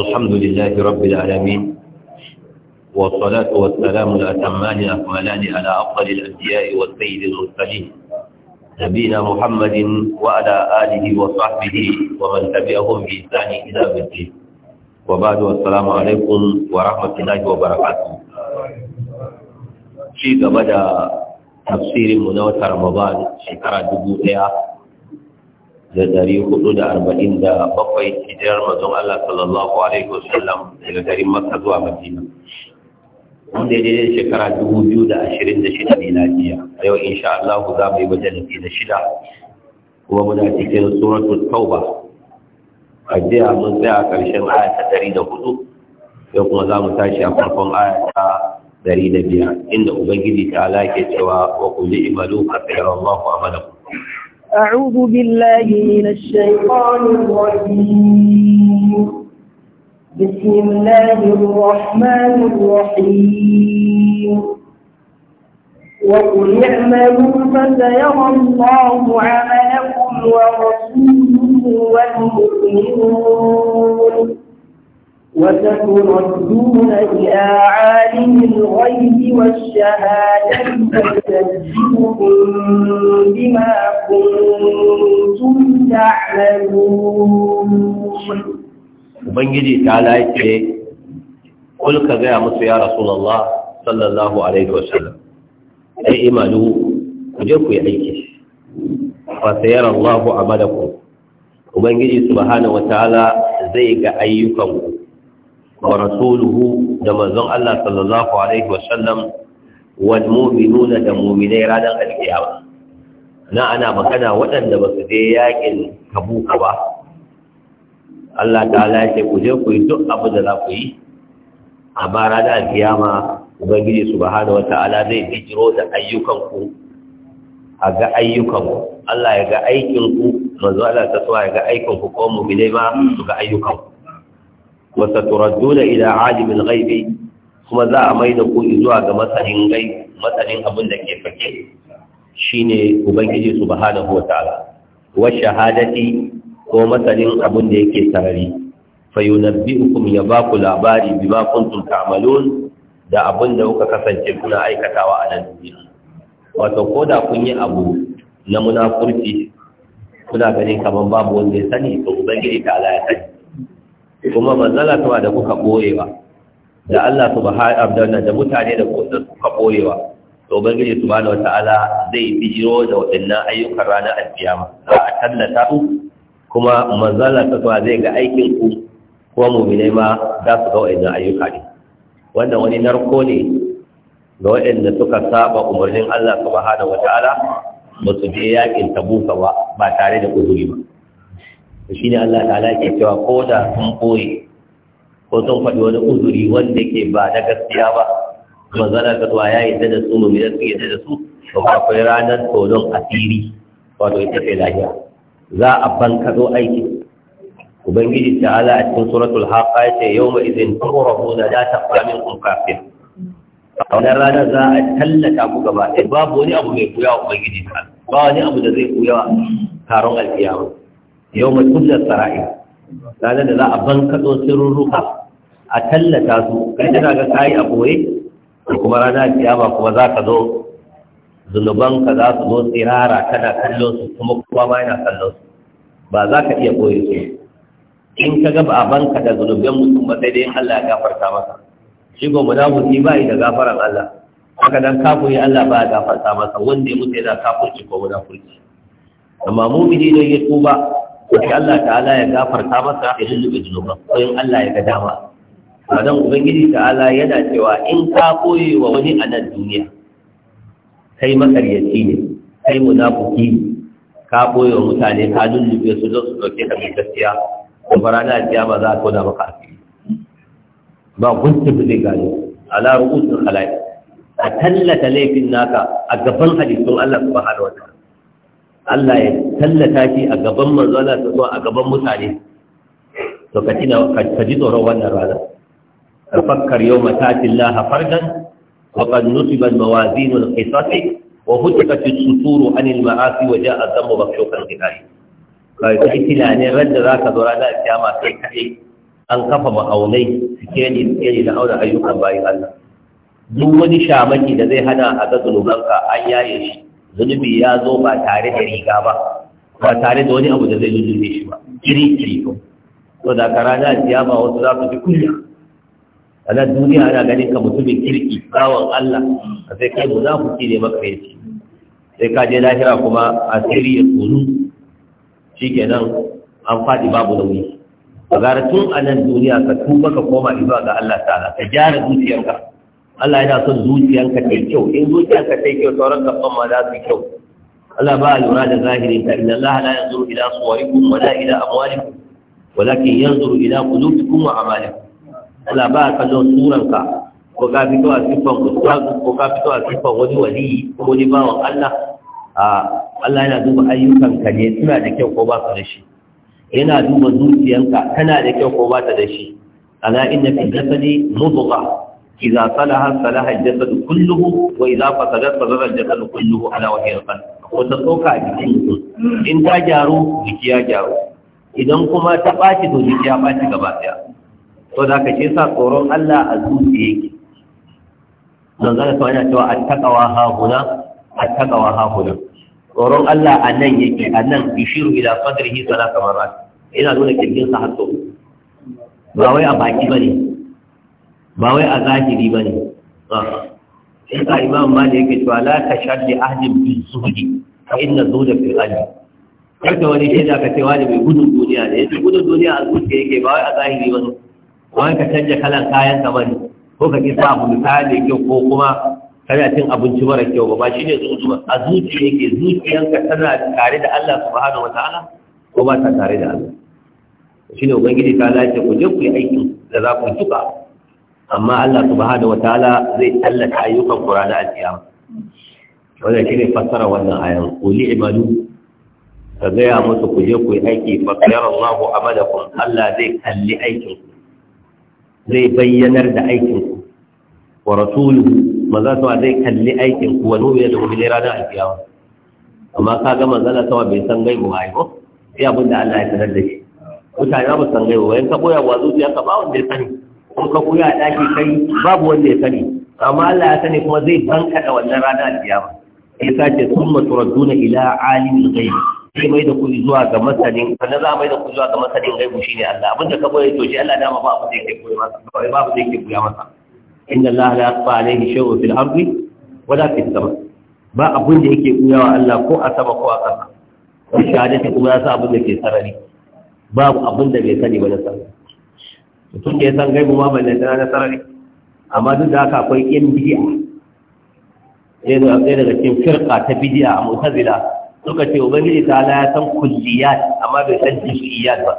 الحمد لله رب العالمين والصلاة والسلام الأتمان الأكملان على أفضل الأنبياء والسيد المرسلين نبينا محمد وعلى آله وصحبه ومن تبعهم بإحسان إلى مثله وبعد والسلام عليكم ورحمة الله وبركاته شيء قبل تفسير منوة رمضان شكرا دبوتها da dari hudu da arba'in da bakwai hijirar mazun Allah sallallahu alaihi wasallam daga garin Makka zuwa Madina. Wanda daidai shekara dubu biyu da ashirin da shida ne miladiya a yau insha Allah za mu yi majalisi da shida kuma muna cikin suratul tauba a jiya mun tsaya karshen aya ta dari da hudu yau kuma za mu tashi a farkon aya ta dari da biyar inda Ubangiji ta ala ke cewa wa kulli imalu a tsayar Allah wa amalakum أعوذ بالله من الشيطان الرجيم بسم الله الرحمن الرحيم وقل اعملوا فسيرى الله عملكم ورسوله والمؤمنون وستردون إلى عالم الغيب والشهادة فينبئكم بما كنتم تعملون Ubangiji ta laike, Kul ka gaya musu ya Rasulallah sallallahu Alaihi wasallam, Ai imanu, ku je ku yi aiki, ba sayar Allah ku a madakun, Ubangiji Subhanahu wa ta'ala zai ga ayyukanku, wa rasuluhu da manzon Allah sallallahu alaihi wa sallam wal mu'minuna da mu'minai ranar alkiyama na ana magana waɗanda ba su je yakin tabuka ba Allah ta'ala ya ce ku je ku yi duk abu da za ku yi amma ranar alkiyama ubangiji subhanahu wata'ala zai bijiro da ayyukanku a ga ku. Allah ya ga aikinku manzo Allah ta tsawa ya ga aikinku ko mu'minai ba su ga ayyukan ku. wa saturadduna ila alimin kuma za a mai da ku zuwa ga masanin gai masanin abin da ke fake shine ubangiji subhanahu wataala wa shahadati ko masanin abin da yake sarari fayunabbi'ukum ya ba ku labari bima kuntum ta'malun da abin da kuka kasance kuna aikatawa a nan duniya wato ko da kun yi abu na munafurci kuna ganin kamar babu wanda ya sani to ubangiji ta ala ya sani kuma manzala ta da kuka boyewa da Allah subhanahu abdana da mutane da kuka boyewa to da wata wataala zai bijiro da waɗannan ayyukan ranar alkiyama za a tallata ku kuma manzala ta zai ga aikin ku kuma mu'minai ma za su ga waɗannan ayyuka ne wannan wani narko ne ga waɗanda suka saba umarnin Allah subhanahu wataala ba su je yakin tabuka ba ba tare da uzuri ba shi ne Allah ta'ala ke cewa ko da sun koyi ko sun faɗi wani uzuri wanda ke ba na gaskiya ba manzana ka zuwa ya ta da su mummi da su ta da su to akwai ranar tsoron asiri wato ita ce lahiya za a zo aiki ubangiji ta'ala a cikin suratul haqa ya ce yau mai izin ta fara min minkum kafir a wannan rana za a tallata ku gaba ɗaya babu wani abu mai kuyawa ubangiji ta ba wani abu da zai kuyawa taron alkiyama yau mai kullar sara'i ranar da za a bankaɗo sirruka a tallata su kai tana ga kayi a koye da kuma rana ba kuma za ka zo zunubanka za su zo tsirara tana kallon su kuma kuma ma yana kallon su ba za ka iya koye su in ka gaba a banka da zunuban mutum ba sai dai Allah ya gafarta masa shi ko munafiki ba da gafaran Allah haka dan yi Allah ba ya gafarta masa wanda ya mutu yana kafirci ko munafiki amma mu bi ne ya tuba sai Allah ta'ala ya gafarta masa ya lullube zunuban ko in Allah ya ga dama wannan ubangiji ta'ala yana cewa in ka koyi wa wani a nan duniya kai makaryaci ne kai munafiki ne ka koyi wa mutane ka lullube su don su dauke ka mai gaskiya da na da ba za a tona maka asiri ba gunta zai gano ala ru'usul khalaiq a tallata laifin naka a gaban hadisun Allah subhanahu wa ta'ala Allah ya tallata shi a gaban manzo Allah ta zuwa a gaban mutane to ka tina ka ji tsoron wannan rana fakkar yau ta'ti Allah fardan wa qad nusiba al-mawazin al-qisas wa hutika as-sutur an al-ma'asi wa ja'a adh-dhammu makhshuqan ka yi kai tilanin radda zaka zo ranar kiyama kai kai an kafa ma'aunai sikeli sikeli da aure ayyukan bayin Allah duk wani shamaki da zai hana a ga ka an yaye shi zunubi ya zo ba tare da riga ba ba tare da wani abu da zai zunubi shi ba iri kiri ko to da ka rana ba wasu za su ji kunya a nan duniya ana ganin ka mutumin kirki bawan Allah a sai kai mu za ku ci ne maka yake sai ka je lahira kuma asiri ya tsoro shi kenan an faɗi babu nauyi a gara tun a nan duniya ka tuba ka koma zuwa ga Allah ta'ala ka gyara zuciyarka Allah yana son zuciyanka ta kyau in zuciyanka ta kyau sauran gaban ma za su kyau Allah ba lura da zahirin ta inna Allah la yanzuru ila suwarikum wala ila amwalikum walakin yanzuru ila qulubikum wa a'malikum Allah ba kallon suranka ko ka fito a siffan ustazu ko ka fito a siffan wani wali ko wani bawan Allah a Allah yana duba ayyukanka ne suna da kyau ko ba su da shi yana duba zuciyanka kana da kyau ko ba ta da shi ala inna fi jasadi mudghah إذا صلح صلح الجسد كله وإذا فسدت فسد الجسد كله على وهي القلب In ta gyaru, تجارو ya gyaru. idan kuma ta ɓaci to jiki ya ɓaci gaba ɗaya to da ka ce sa tsoron Allah a zuci yake don zaka kawai na cewa a takawa hahuna a takawa hahuna tsoron Allah a nan yake a nan bishiru ila sadrihi sana kamar ina nuna kirgin sa har ba wai a baki bane ba wai a zahiri ba ne sai ka imam da yake cewa la ta shaddi ahdin bi zuhdi fa inna zuhda fi qalbi karka wani shaida ka cewa da mai gudun duniya ne yace gudun duniya a zuciya yake ba wai a zahiri ba ne wai ka canja kalan kayan ka bane ko ka sa abu da kyau ko kuma kana cin abinci mara kyau ba ba ne zuci ba a zuciya yake zuciyanka tana tare da Allah subhanahu ta'ala? ko ba ta tare da Allah ne ubangiji ta lafiya ku je ku yi aikin da za ku tuka amma Allah subhanahu wataala zai tallata ayyukan ku ranar alkiyama shi shine fassara wannan ayan kuli imalu ka gaya musu ku je ku yi aiki fa qara Allahu amalakum Allah zai kalli aikin ku zai bayyanar da aikin ku wa rasuluhu maza ta zai kalli aikin ku wa nubiya da mu'mini ranar alkiyama amma ka ga manzala ta bai san gai ba ko sai abin Allah ya sanar da shi mutane ba san gai ba in ka koya wa zuciya ka ba wanda ya sani ko ka koya da ɗaki kai babu wanda ya sani amma Allah ya sani kuma zai da wannan rana alkiyama ya ce sun maturaduna ila alimin gaibi sai mai da ku zuwa ga masanin sannan za a mai da ku zuwa ga masanin gaibu shine Allah abin da ka koya to shi Allah dama ba abu da yake koya masa ba abu da yake koya masa inna Allah la yaqfa alayhi shay'un fil ardi la fis sama ba abin da yake koya wa Allah ko a sama ko a ƙasa shahadati kuma ya sa abin da ke sarari babu abin da bai sani ba na sarari mutum da ya san gaibu ma ballantana na sarari amma duk da haka akwai yan bidiya sai da ɗaya daga cikin firka ta bidiya a mutazila suka ce ubangiji ta ala ya san kulliyat amma bai san juz'iyat ba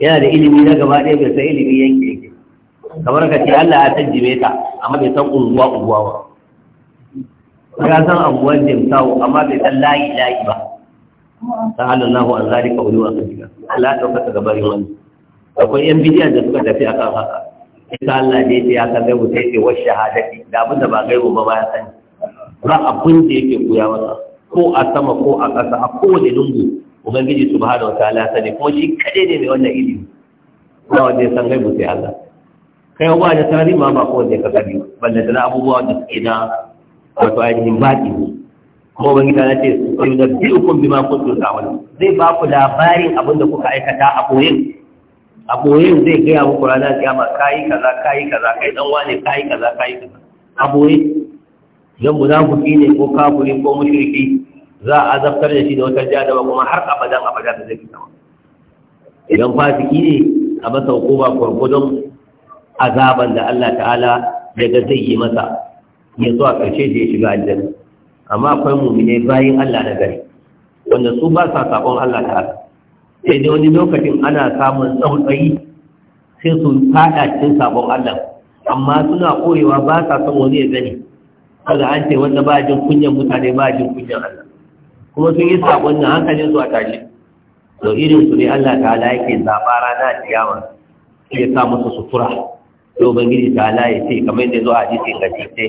yana da ilimi na gaba ɗaya bai san ilimi yanke yake kamar ka ce Allah ya san ta, amma bai san unguwa unguwa ba ya san unguwan jimtawo amma bai san layi layi ba ta halallahu an ka wani wasu jika Allah ya ɗaukaka gabarin wani akwai yan bidiyan da suka tafi akan haka ita Allah ne ya san gaibu sai ce wa shahadati da abin da ba gaibu ba ba ya sani ba abin da yake koya masa ko a sama ko a ƙasa a kowane lungu ubangiji subhanahu wa ta'ala sani ko shi kadai ne mai wannan ilimi ba wanda ya san gaibu sai Allah kai ba da tarihi ma ba kowanne ka sani balle da abubuwa da suke na wato ainihin baƙi ne kuma ban gida na ce su na biyu kun bi ma kun tuta wani zai ba ku labarin abin da kuka aikata a koyin a boye zai gaya muku rana kiyama kayi kaza kayi kaza kai dan wane kayi kaza kayi kaza Aboyin, idan munafiki ne ko kafiri ko mushriki za a azabtar da shi da wata ba kuma har abadan abada da zai fita idan fasiki ne a masa hukuma gurgudun azaban da Allah ta'ala daga zai yi masa ya zo a karshe da ya shiga aljanna amma akwai mumine bayin Allah na gari wanda su ba sa sabon Allah ta'ala sai dai wani lokacin ana samun tsautsayi sai su fada cikin sabon Allah amma suna koyewa ba sa son wani ya gani kaga an ce wanda ba jin kunyan mutane ba jin kunyan Allah kuma sun yi sabon nan hankalin su a tashi to irin su ne Allah ta'ala yake zaba rana yawa ya sa musu sutura to ubangiji ta'ala ya ce kamar yadda zo a hadisin gajice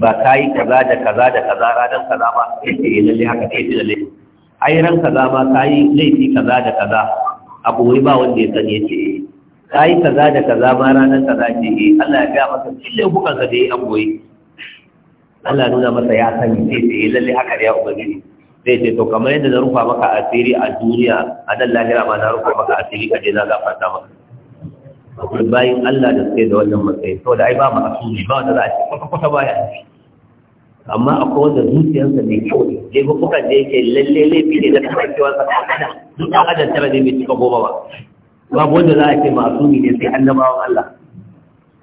ba kai kaza da kaza da kaza ranar kaza ba sai eh, lalle haka sai lalle ai ran kaza ma kai laifi kaza da kaza abu wai ba wanda ya sani Ta eh, kai kaza da kaza ma ranar kaza ce eh, Allah ya ga maka cikin kuka ka dai abu wai Allah nuna masa ya sani sai sai eh, lalle haka ya ubangi zai ce to kamar yadda na rufa maka asiri a duniya a nan lahira ma na rufa maka asiri kaje na gafarta maka akwai bayin Allah da suke da wannan matsayi saboda ai ba mu asiri ba wanda za a ce kwata-kwata bayan ne amma akwai wanda zuciyarsa mai kyau ne ne kuka je yake lalle laifi ne da kasancewa tsakanin duk ɗan adam tara ne mai cika goma ba babu wanda za a ce masumi ne sai annabawan Allah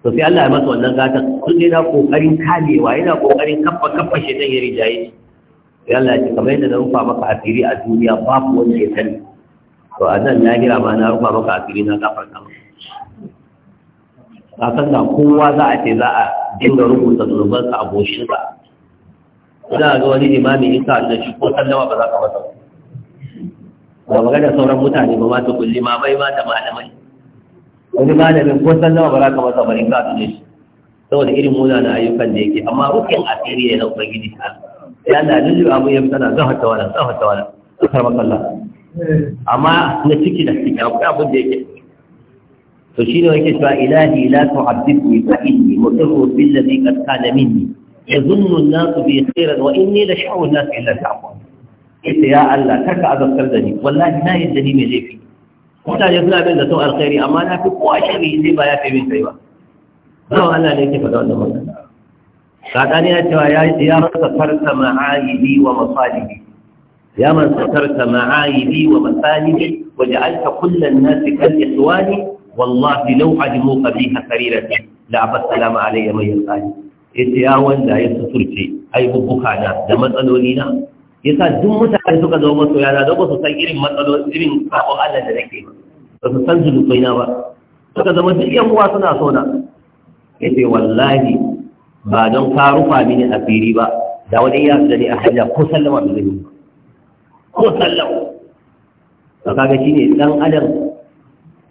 to sai Allah ya masa wannan gatan sun yana kokarin kamewa yana kokarin kafa kafa shi dan yari jaye sai Allah ya ce kamar yadda na rufa maka asiri a duniya babu wanda ya sani to a nan lahira ma na rufa maka asiri na gafarta Ka san da kowa za a ce za a dinga rubuta zunubansa a boshinsa za ga wani imami in ka da shi ko sallama ba za ka masa ba magana sauran mutane ba ma ta kulli ma bai ma da malamai wani malamin ko sallama ba za ka masa ba in ka da shi saboda irin na ayyukan da yake amma rukin asiri ya na ubangiji ta ya na lullu abu ya tana zahata wala zahata wala akar makalla amma na ciki da ciki akwai abin da yake to shine yake cewa ilahi la tu'addibni fa inni mutirru bil ladhi qad kana minni يظن الناس بي خيرا واني لشعو الناس الا a ita ya Allah karka azabtar da ni wallahi na yadda ni mai laifi mutane suna bin da son alkhairi amma na fi kowa shari sai ba ya fi min kai ba zan Allah ne ke faɗa wannan magana sakani ya cewa ya yi ya masa farka ma'ayibi wa masalibi ya masa farka ma'ayibi wa masalibi wa ja'alta kullan ce ya wanda ya suturce aibubuka na da matsaloli na ya sa duk mutane suka zama masoya yana don ba su san irin matsaloli irin sabon Allah da nake ba su san zulubai na ba suka zama duk yan uwa suna so na ce wallahi ba don ka rufa mini asiri ba da wani ya da ni a hanya ko sallama da zai ko sallama ba kaga shine dan adam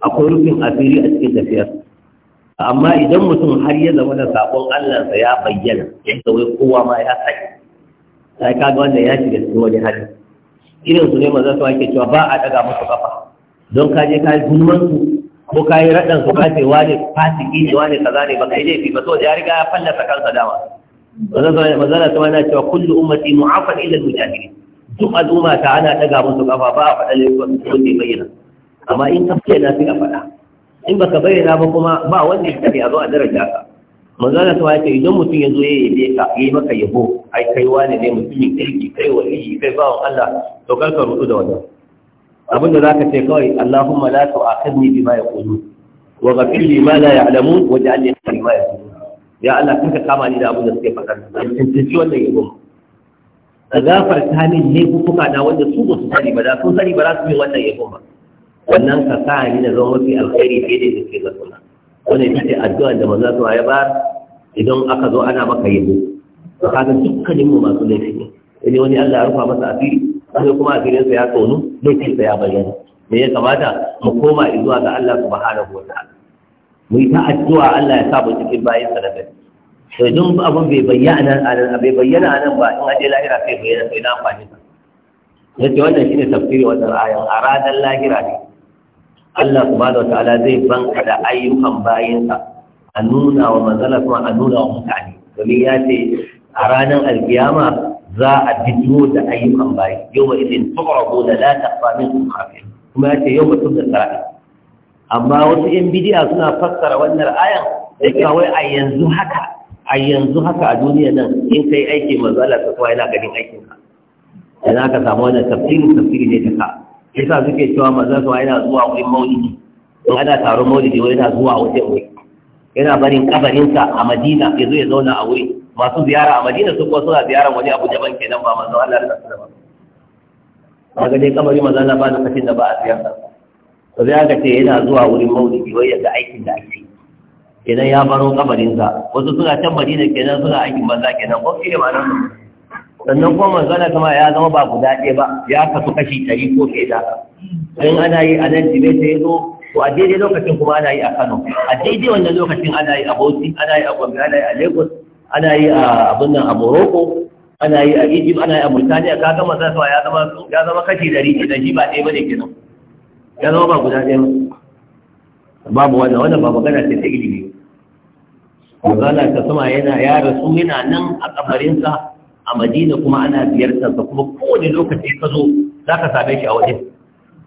akwai rufin asiri a cikin tafiyar amma idan mutum har ya zama da sabon Allah sa ya bayyana ya wai kowa ma ya Ta sai kaga wannan ya shiga cikin wani hali irin su ne maza su ake cewa ba a daga musu kafa don ka je ka gulman su ko ka yi raɗan su kace wane ki ne wane kaza ne ba kai laifi ba so ya riga ya fallasa kansa dama maza na sama na cewa kullu ummati mu'afan illa al-mujahidin duk al'umma ta ana daga musu kafa ba a faɗa laifin su ne bayyana amma in ka fiye na fi a faɗa in baka bayyana ba kuma ba wanda ya tafi a zo a daraja ka manzana ta ce idan mutum ya zo ya yabe ka ya yi maka yabo ai kai wani ne mutumin kirki kai yi kai bawan Allah to kar ka rutu da wannan abinda za ka ce kawai Allahumma la tu'akhidni bima yaqulu wa ghfir li ma la ya'lamun wa ja'al li ma yaqulu ya Allah kanka kama ni da abin da suke faɗa in tunci wannan yabo ka gafarta min ne kuka da wanda su ba su sani ba da sun sani ba za su yi wannan yabo ba wannan ka sa ni na zama mafi alkhairi fiye da yadda ke ga suna wannan ita ce addu'a da maza su ya ba idan aka zo ana maka yabo Ka kaga dukkanin mu masu laifi ne sai wani Allah ya rufa masa asiri sai kuma asirin sa ya tsonu laifin sa ya bayyana me ya kamata mu koma zuwa ga Allah subhanahu wa ta'ala mu yi ta addu'a Allah ya sa mu cikin bayin sa da gari to idan abun bai bayyana nan bai bayyana nan ba in aje lahira sai bayyana sai na amfani sa yace wannan shine tafsirin wannan ayan aradan lahira ne Allah subhanahu wataala zai banka da ayyukan bayinsa a nuna wa manzala kuma a nuna wa mutane domin ya ce a ranar alkiyama za a fito da ayyukan bayi yau ma idin tuqrabu da la taqfa minkum khafin kuma ya ce yau tun da sa'i amma wasu yan bidiya suna fassara wannan ayan da kawai a yanzu haka a yanzu haka a duniya nan in kai aiki manzala ta kuma yana ganin aikinka Yana ka samu wannan tafsirin tafsiri ne ta ka yasa suke cewa maza su yana zuwa wurin maulidi in ana taron maulidi wani yana zuwa wajen wuri yana barin kabarinsa a madina ya zo ya zauna a wuri masu ziyara a madina su kuma suna ziyara wani abu daban kenan ba manzo Allah da sallama ga dai kabari maza na ba da kafin da ba a ziyara to zai aka ce yana zuwa wurin maulidi wai yadda aikin da ake kenan ya baro kabarinsa wasu suna can madina kenan suna aikin banza kenan ko shi nan nan. sannan kuma manzana kama ya zama ba guda ɗaya ba ya kasu kashi ɗari ko ke da in ana yi a nan jimeta ya zo to a daidai lokacin kuma ana yi a kano a daidai wannan lokacin ana yi a bauchi ana yi a gombe ana yi a lagos ana yi a abin nan a morocco ana yi a egypt ana yi a burtaniya ka gama zasuwa ya zama ya zama kashi ɗari ke shi ba ɗaya ba ne kenan ya zama ba guda ɗaya ba. babu wannan wannan ba magana ce ta ilimi manzana ta sama yana ya rasu yana nan a kamarinsa. a madina kuma ana ziyartar sa kuma kowane lokaci ka zo za ka same shi a waje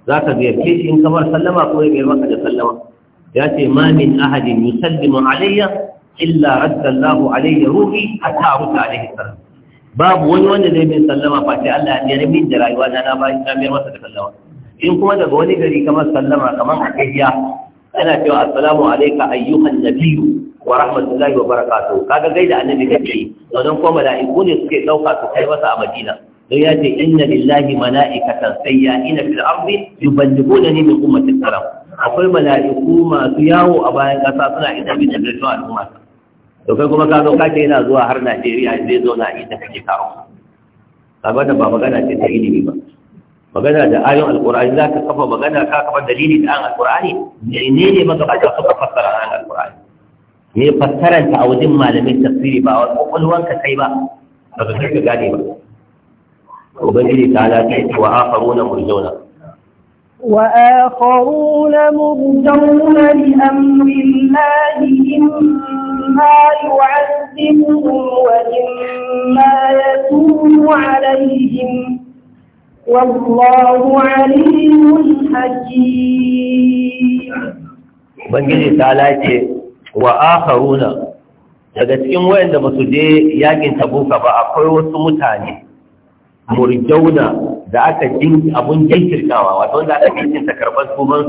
za ka ziyarce shi in kamar sallama ko ya maka da sallama ya ce ma min ahadin yusallimu alayya illa raddallahu alayya ruhi hatta ruta alayhi salam babu wani wanda zai min sallama face Allah ya min da rayuwa na na bayan kamar masa da sallama in kuma daga wani gari kamar sallama kamar a ana cewa assalamu alayka ayyuhan nabiyyu wa rahmatullahi wa barakatuh kaga gaida annabi kake wannan ko mala'iku ne suke dauka su kai masa a Madina don ya ce inna lillahi mala'ikatan sayyi'ina fil ardi yuballighunani min ummati salam akwai mala'iku masu yawo a bayan kasa suna isa bi da tabbatar al'umma to kai kuma ka zo kake yana zuwa har Najeriya zai zo na inda kake karo kaga da ba magana ce ta ilimi ba magana da ayon alqur'ani zaka kafa magana ka kafa dalili da an alqur'ani ne ne maka ka kafa fassara an alqur'ani me fassaranta a wajen malamin tafsiri ba wa kwakwalwanka kai ba ba ka ka gane ba ubangiji ta lafi wa akharuna murjauna وآخرون مرجون لأمر الله إما يعذبهم وإما يتوب عليهم والله عليم حكيم. بنجي تعالى wa akharuna daga cikin wayanda ba su je yakin tabuka ba akwai wasu mutane murjauna da aka jin abun jinkirtawa wato wanda aka jinkirta karban sunan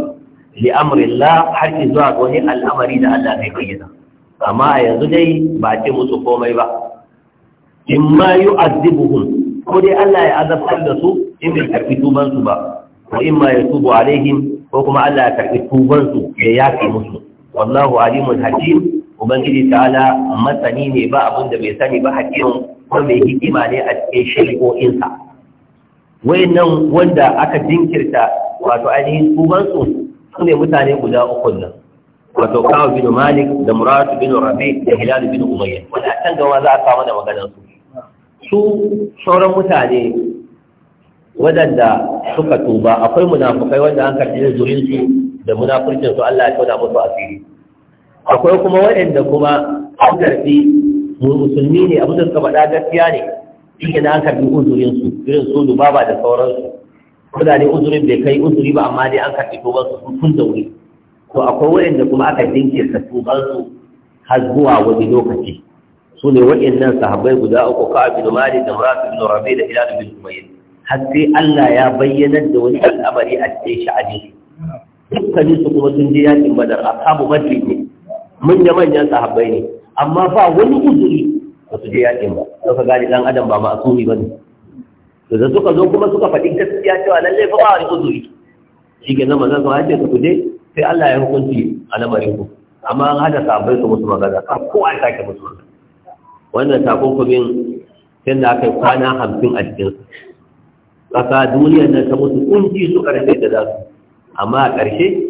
li amrillah har zuwa ga wani al'amari da Allah bai bayyana amma yanzu dai ba ce musu komai ba In ma yu'azibuhum ko dai Allah ya azabtar da su in bai karbi tuban ba ko in ma yatubu alaihim ko kuma Allah ya karbi tuban ya yafi musu wallahu alimun hakim ubangiji ta'ala masani ne ba abin da bai sani ba hakim ko mai hikima ne a cikin shari'o'insa wayannan wanda aka dinkirta wato ainihin tubansu su ne mutane guda uku nan wato kawo bin malik da muratu bin rabi da hilalu bin umayya wanda a can za a kama da maganar su su sauran mutane wadanda suka tuba akwai munafukai wanda an karɓi zurinsu da munafurcin su Allah ya kauda musu asiri akwai kuma waɗanda kuma an karbi musulmi ne abu da suka faɗa gaskiya ne shi na an karbi uzurin su irin su lubaba da sauransu ne uzurin bai kai uzuri ba amma dai an karbi tuban su sun da wuri to akwai waɗanda kuma aka jinkirta tuban su har zuwa wani lokaci su ne waɗannan sahabbai guda uku ka abin mali da muratu bin rabi da hilal bin umayyah har sai Allah ya bayyana da wani al'amari a cikin sha'ani dukkanin su kuma sun je yakin badar ashabu badri ne manya manyan sahabbai ne amma ba wani uzuri ba su je yakin ba suka gani dan adam ba ma'asumi ba ne to da suka zo kuma suka faɗi gaskiya cewa lalle fa ba wani uzuri shi ke zama zan zama ake ku je sai Allah ya hukunci a lamarin ku amma an hada sahabbai su musu magana ka kowa ya sake musu magana wannan takunkumin sai da aka yi kwana hamsin a cikinsu ƙasa duniyar nan ta musu kunci su ƙarfe da za su amma a ƙarshe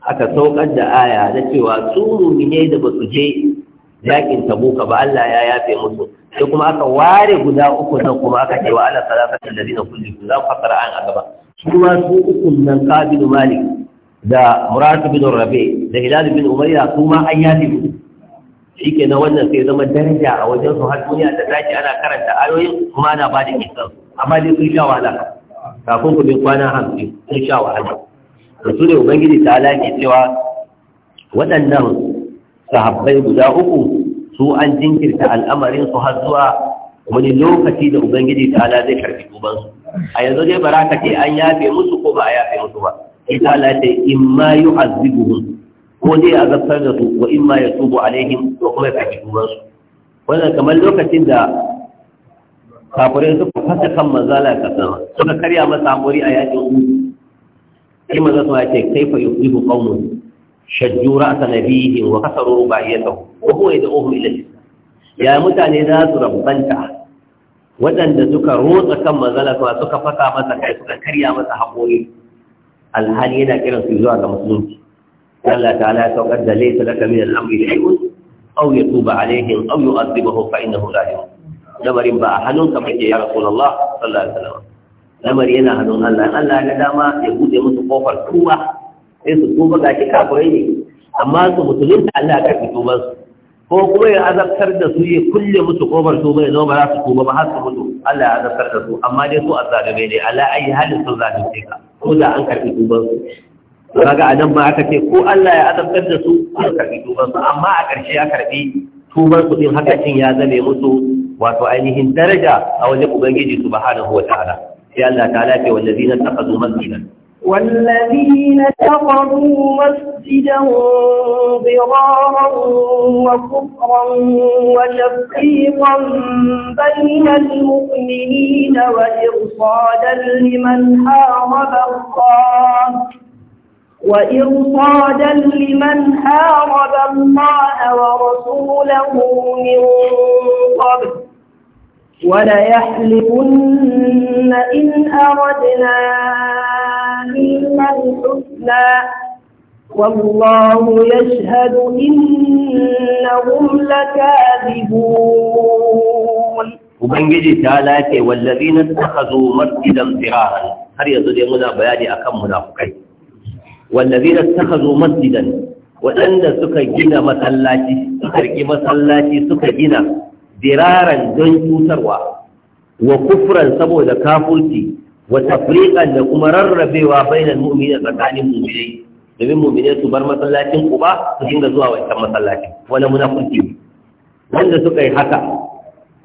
aka saukar da aya na cewa su ne da ba su je yakin tabuka ba Allah ya yafe musu sai kuma aka ware guda uku nan kuma aka ce wa ala salatatul ladina kulli za ku fakara an a gaba kuma su uku nan qabil malik da murad bin rabi da hilal bin umayya ma an yafe musu na wannan sai zama daraja a wajen su har duniya ta tashi ana karanta ayoyin kuma ana ba da kisan amma dai sun sha wahala kafin ku bin kwana hamsin sun sha wahala da su ne ubangiji ta alaƙi cewa waɗannan sahabbai guda uku su an jinkirta al'amarin su har zuwa wani lokaci da ubangiji ta ala zai karfi tubansu a yanzu dai ka ce an yafe musu ko ba a yafe musu ba ita ala ce in ma yi azibuhun ko dai a zartar da su wa in ma ya tubu alaihim ko kuma ya karfi tubansu wannan kamar lokacin da kafirai suka fasa kan manzala sama suka karya masa hakuri a yakin uku أي ماذا كيف يؤذب قوم شجوا رأس نبيه وكسروا رباعيته وهو يدعوهم إلى الإسلام يا متعني ذات ربطنك ودن ذك روض كم مزلت واتك فتا مزلت حيث كريا مزحقوني الحال هنا كنا في زوار المسلمين قال تعالى فقد ليس لك من الأمر شيء أو يتوب عليهم أو يؤذبهم فإنه لا يؤذب نمر بأحد كما يا رسول الله صلى الله عليه وسلم lamari yana hannun Allah In Allah ya dama ya buɗe musu kofar tuba sai su tuba ga shi kafirai ne amma su musulunta Allah ya karɓi tuban su ko kuma ya azabtar da su ya kulle musu kofar tuba ya zama ba za su tuba ba har su mutu Allah ya azabtar da su amma dai su azzalume ne ala ayi halin sun zalunce ka ko da an karɓi tuba su kaga a nan ba aka ce ko Allah ya azabtar da su ko ya karɓi tuba su amma a ƙarshe ya karɓi tuban su din haka cin ya zame musu wato ainihin daraja a wajen ubangiji subhanahu wa ta'ala sai الله تعالى lafiya wallazina taqadu masjidan والذين اتخذوا مسجدا ضرارا وكفرا وتفريقا بين المؤمنين وإرصادا لمن حارب الله وإرصادا لمن حارب الله ورسوله من قبل وليحلفن إن أردنا إلا الحسنى والله يشهد إنهم لكاذبون Ubangiji ta lafe wallazi na suka zo masjidan firaran har yanzu dai muna bayani akan munafukai. Wallazi na suka zo masjidan waɗanda suka gina masallaci, suka riƙi masallaci suka gina diraran don cutarwa wa kufran saboda kafurci wa tafriƙan da kuma rarrabewa bainal mu'minina tsakanin mu'minai domin mu'minai su bar masallacin ba su dinga zuwa wancan masallacin wala munafiki wanda suka yi haka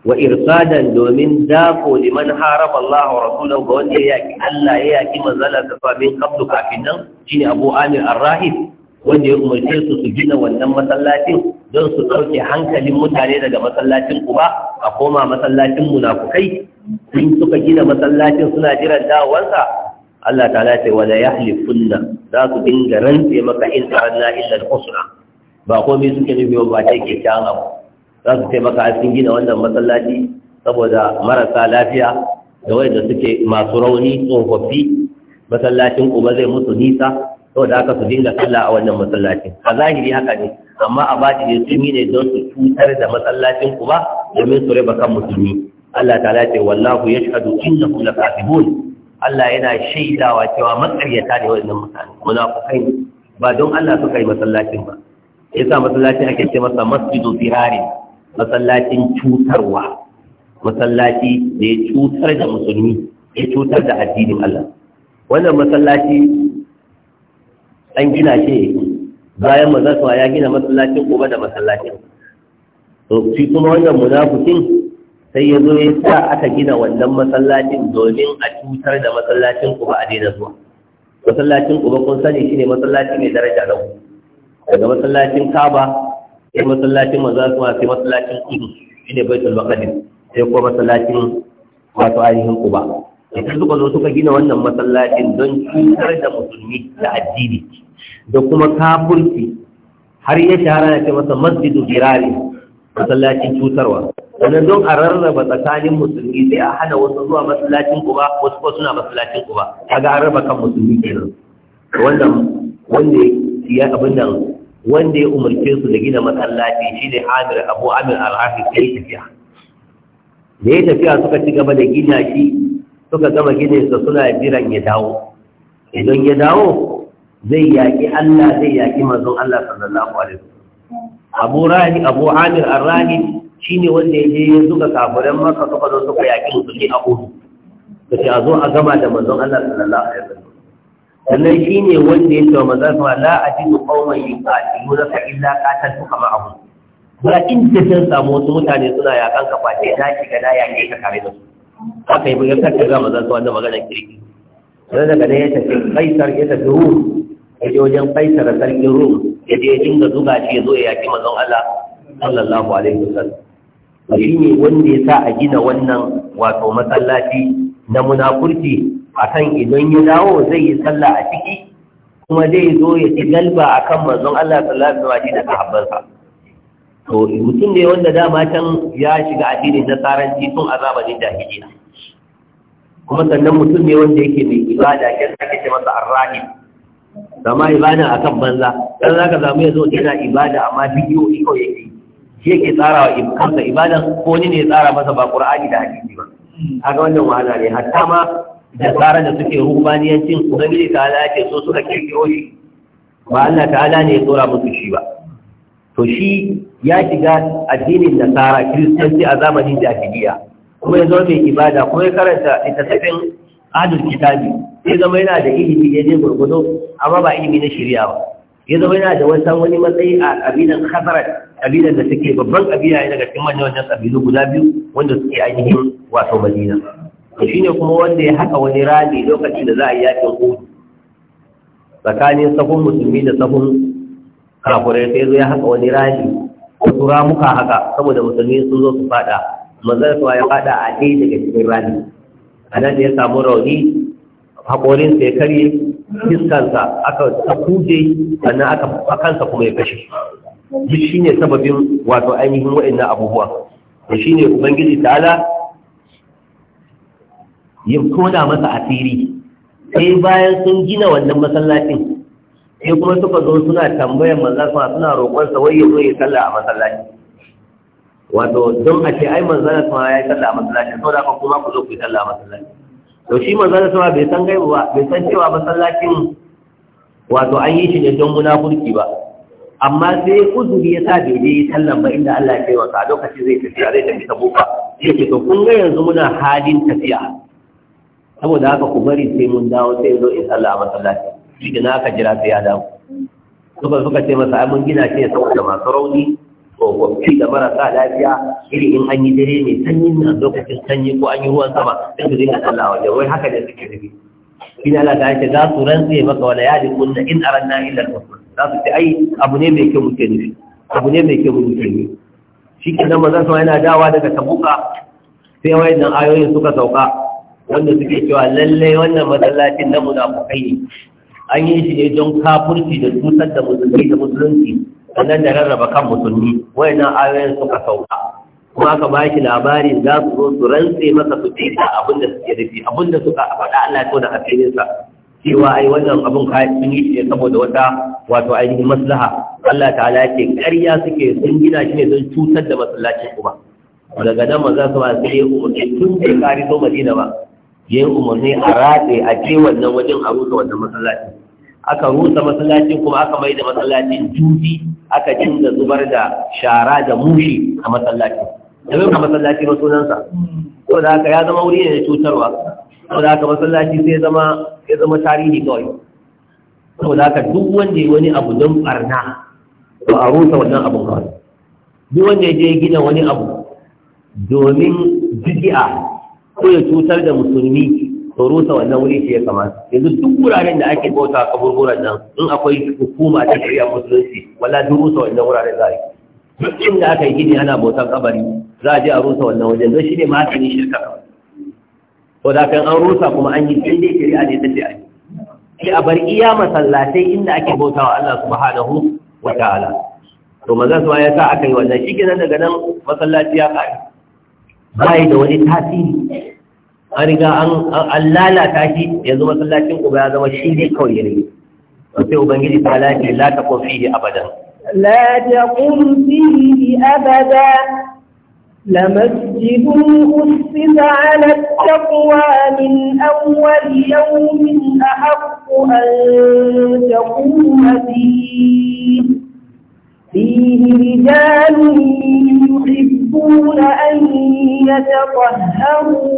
wa irsadan domin dako man haraba Allah wa rasulahu ga wanda ya yaki Allah ya yaki manzala ta famin qablu kafin nan shine Abu Amir Ar-Rahib wanda ya umarce su su gina wannan masallacin don su ɗauke hankalin mutane daga masallacin kuba a koma masallacin munafukai sun suka gina masallacin suna jiran dawowansa Allah ta lati ya halifunna za su dinga rantse maka in taranna illa al ba komai suke nufi ba ta ke kyan abu za su ce maka sun gina wannan masallaci saboda marasa lafiya da wanda suke masu rauni tsofaffi masallacin kuma zai musu nisa saboda haka su dinga sallah a wannan masallacin a zahiri haka ne amma a ba shi sun yi ne don su cutar da matsalacin ku ba domin su raba kan musulmi Allah ta lafi wallahu ya shahadu inna kula kafibun Allah yana shaidawa cewa matsaryata ne waɗannan mutane kai ba don Allah suka yi masallacin ba yasa masallacin ake ce masa masjidu firari masallacin cutarwa masallaci da ya cutar da musulmi ya cutar da addinin Allah wannan masallaci an gina shi bayan manzon ya gina masallacin gobe da masallacin to shi kuma wannan munafikin sai ya zo ya sa aka gina wannan masallacin domin a cutar da masallacin ba a daina zuwa masallacin ba kun sani shi ne masallaci mai daraja na daga masallacin kaba sai masallacin ma sai masallacin kudu shine baitul maqdis sai kuma masallacin wato ainihin kuba ita suka zo suka gina wannan masallacin don cutar da musulmi da addini da kuma kafurci har ya shahara ya ce masa masjidu birari masallacin cutarwa Wannan don a rarraba tsakanin musulmi sai a hana wasu zuwa masallacin ba, wasu ko suna masallacin ba, a ga rarraba kan musulmi kenan wanda wanda ya abin nan wanda ya umarce su da gina masallaci shine Amir Abu Amir Al-Hafi sai tafiya da ya tafiya suka ci gaba da gina shi suka gama gina sa suna jiran ya dawo idan ya dawo zai yaƙi Allah zai yaƙi mazan Allah sallallahu alaihi Abu rani Abu Amir ar shi shine wanda ya je ya zuga kafiran maka suka zo suka yaƙi musulmi a Uhud kace a zo a gama da mazan Allah sallallahu alaihi wasallam sannan shine wanda ya ce manzon Allah la ajidu qauman yuqatilunaka illa qataltuka ma'ahum ba ta sun samu wasu mutane suna yaƙan ka face na shiga na yaƙe ka kare da su haka yi bugar ka ga manzon wanda magana kirki sai daga ne ya tafi kaisar ya tafi ruhu ya wajen kaisar sarkin rum ya je dinga zuga shi ya zo ya yaki mazan Allah sallallahu alaihi wasallam shi ne wanda ya sa a gina wannan wato masallaci na munafurci akan idan ya dawo zai yi sallah a ciki kuma zai zo ya ci galba akan mazan Allah sallallahu alaihi wasallam da sahabbansa to mutum ne wanda dama can ya shiga addinin nasaranci tun a zamanin jahiliya kuma sannan mutum ne wanda yake mai ibada ke sake ce masa arrahim zama ibada kan banza dan zaka ya yazo yana ibada amma bidiyo iko yake shi yake tsara wa kansa ibada ko ni ne ya tsara masa ba qur'ani da hadisi ba kaga wannan wahala ne hatta ma da tsara da suke rubaniyancin ubangiji ta ala ce so suka kirkiro shi ba Allah ta ala ne ya tsora musu shi ba to shi ya shiga addinin nasara kiristanci a zamanin jahiliya kuma ya zo mai ibada kuma ya karanta littattafin adul kitabi ya zama yana da ilimi ya je gurgudo amma ba ilimi na shirya ba ya zama yana da wasan wani matsayi a kabilan khazarat kabilan da suke babban kabila ne daga cikin manyan kabilu guda biyu wanda suke ainihin wato madina to shine kuma wanda ya haka wani rami lokacin da za a yi yakin uhud tsakanin sahun musulmi da sahun kafirai sai zo ya haka wani rami wasu ramuka haka saboda musulmi sun zo su fada manzon ya fada a ɗaya daga cikin rami Anan nan ya samu rauni haƙorinsa ya karye fiskansa aka ta kuje sannan aka kansa kuma ya kashe duk shi ne sababin wato ainihin waɗannan abubuwa da shi ne ubangiji ta'ala ya koda masa asiri sai bayan sun gina wannan masallacin sai kuma suka zo suna tambayar manzan suna roƙonsa wai ya zo ya sallah a masallaci wato don a ce ai manzana sama ya yi sallah masallaci sau da kuma ku zo ku yi sallah masallaci to shi manzana sama bai san gaibu ba bai san cewa masallacin wato an yi shi ne don munafurki ba amma sai uzuri ya sa bai yi sallan ba inda Allah ya kai wa lokaci zai tafiya zai tafi ta sai ce to kun ga yanzu muna halin tafiya saboda haka ku bari sai mun dawo sai zo in sallah a masallaci shi da na aka jira sai ya dawo suka suka ce masa abin gina shi ne saboda masu rauni tsofaffi da marasa lafiya iri in an yi dare ne sanyin nan lokacin sanyi ko an yi ruwan sama sai su zina sallah wajen wai haka da suke rubi ina la ta ce za su rantse maka wala yadi kunna in na illa al-husna za su ce ai abu ne mai kyau muke nufi abu ne mai kyau muke nufi shi ke nan mazan sama yana dawa daga tabuka sai nan ayoyin suka sauka wanda suke cewa lallai wannan masallacin na munafukai ne an yi shi ne don kafurci da tutar da musulmi da musulunci sannan da rarraba kan musulmi wayannan ayoyin suka sauka kuma ka ba shi labari za su zo su rantse masa su ce da abin da suke rufi abin da suka faɗa Allah ya tona sa cewa ai wannan abin ka sun yi shi saboda wata wato ainihin maslaha Allah ta'ala ce ƙarya suke sun gina shi ne don cutar da masallacin kuma daga nan maza su ba su yi umarni tun bai kari zo madina ba yin umarni a ratse a ce wannan wajen a rusa wannan masallacin aka rusa masallacin kuma aka mai da masallacin juji aka canza zubar da shara da mushi a masallacin da bai ka masallaci ba sunansa ko da haka ya zama wuri ne cutarwa ko da haka masallaci sai zama ya zama tarihi kawai ko da haka duk wanda ya wani abu don barna to a rusa wannan abun kawai duk wanda ya je gina wani abu domin jiki'a ko ya cutar da musulmi to rusa wannan wuri ce ya kamata yanzu duk wuraren da ake bauta kaburburan nan in akwai hukuma ta shari'a musulunci wala duk rusa wannan wuraren za a yi duk inda aka yi gini ana bautan kabari za a je a rusa wannan wajen don shi ne maganin shirka kawai to da kan an rusa kuma an yi daidai shari'a ne ta ce sai a bar iya masallatai inda ake bautawa Allah subhanahu wa ta'ala to maza su ya sa aka yi wannan shi kenan daga nan masallaci ya kare bai da wani tasiri an riga an lalata shi yanzu masallacin uba ya zama shi ne kawai ya rage sai ubangiji ta lalace la ta kun fihi abadan la ta kun fihi abada لمسجد أسس على التقوى من أول يوم أحق أن تقوم فيه فيه رجال يحبون أن يتطهروا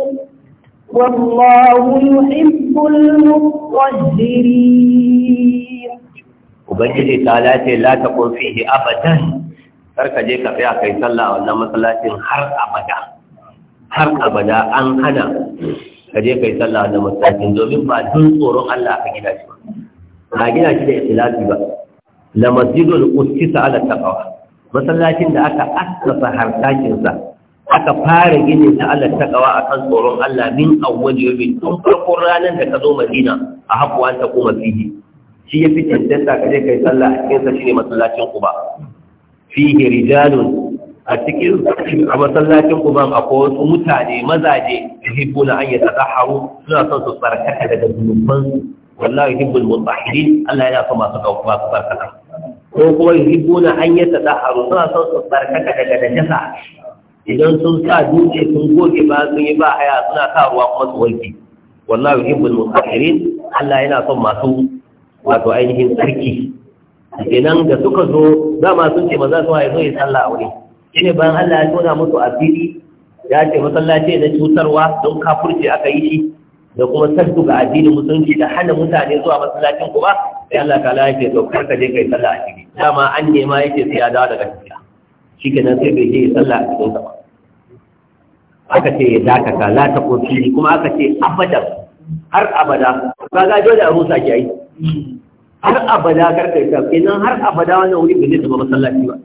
والله يحب المطهرين ubangiji ta lace la ta kun fihi abadan ka je ka tsaya kai sallah wannan masallacin har abada har abada an hana ka je kai sallah wannan masallacin domin ba dun tsoron Allah ka gina shi ba ba gina shi da ikhlasi ba la masjidul qudsi ala taqwa masallacin da aka assasa har sa aka fara ginin ta Allah ta takawa akan tsoron Allah min awwal yawmin tun farko ranar da ka zo Madina a hakuwa ta kuma fiye. shi ya fi tantanta ka je kai sallah a cikinsa sa shine masallacin Quba Fiye rijalun a cikin a masallacin Quba akwai wasu mutane mazaje yuhibbuna an yatahharu suna son su tsarkaka daga zunuban wallahi yuhibbul mutahhirin Allah yana son masu masu tsarkaka ko kuma yuhibbuna an yatahharu suna son su tsarkaka daga najasa idan sun sa dutse sun goge ba sun yi ba haya suna sa ruwa kuma su wanke wallahi yuhibbul mutahhirin Allah yana son masu wato ainihin sarki idan da suka zo ma sun ce maza su haye zo yi sallah a wuri shine bayan Allah ya tona musu asiri ya ce masallaci na cutarwa don kafurci aka yi shi da kuma sarku ga addinin musulunci da hana mutane zuwa masallacin kuma sai Allah ta ya ce kar ka je kai sallah a ciki dama an nema yake sai ya dawo daga cikin shi kenan sai bai je sallah a cikin ba aka ce ya dakata la ta kofi kuma aka ce abada har abada ba ga dole a rusa ki ai har abada kai ta kenan har abada wannan wuri bai zama masallaci ba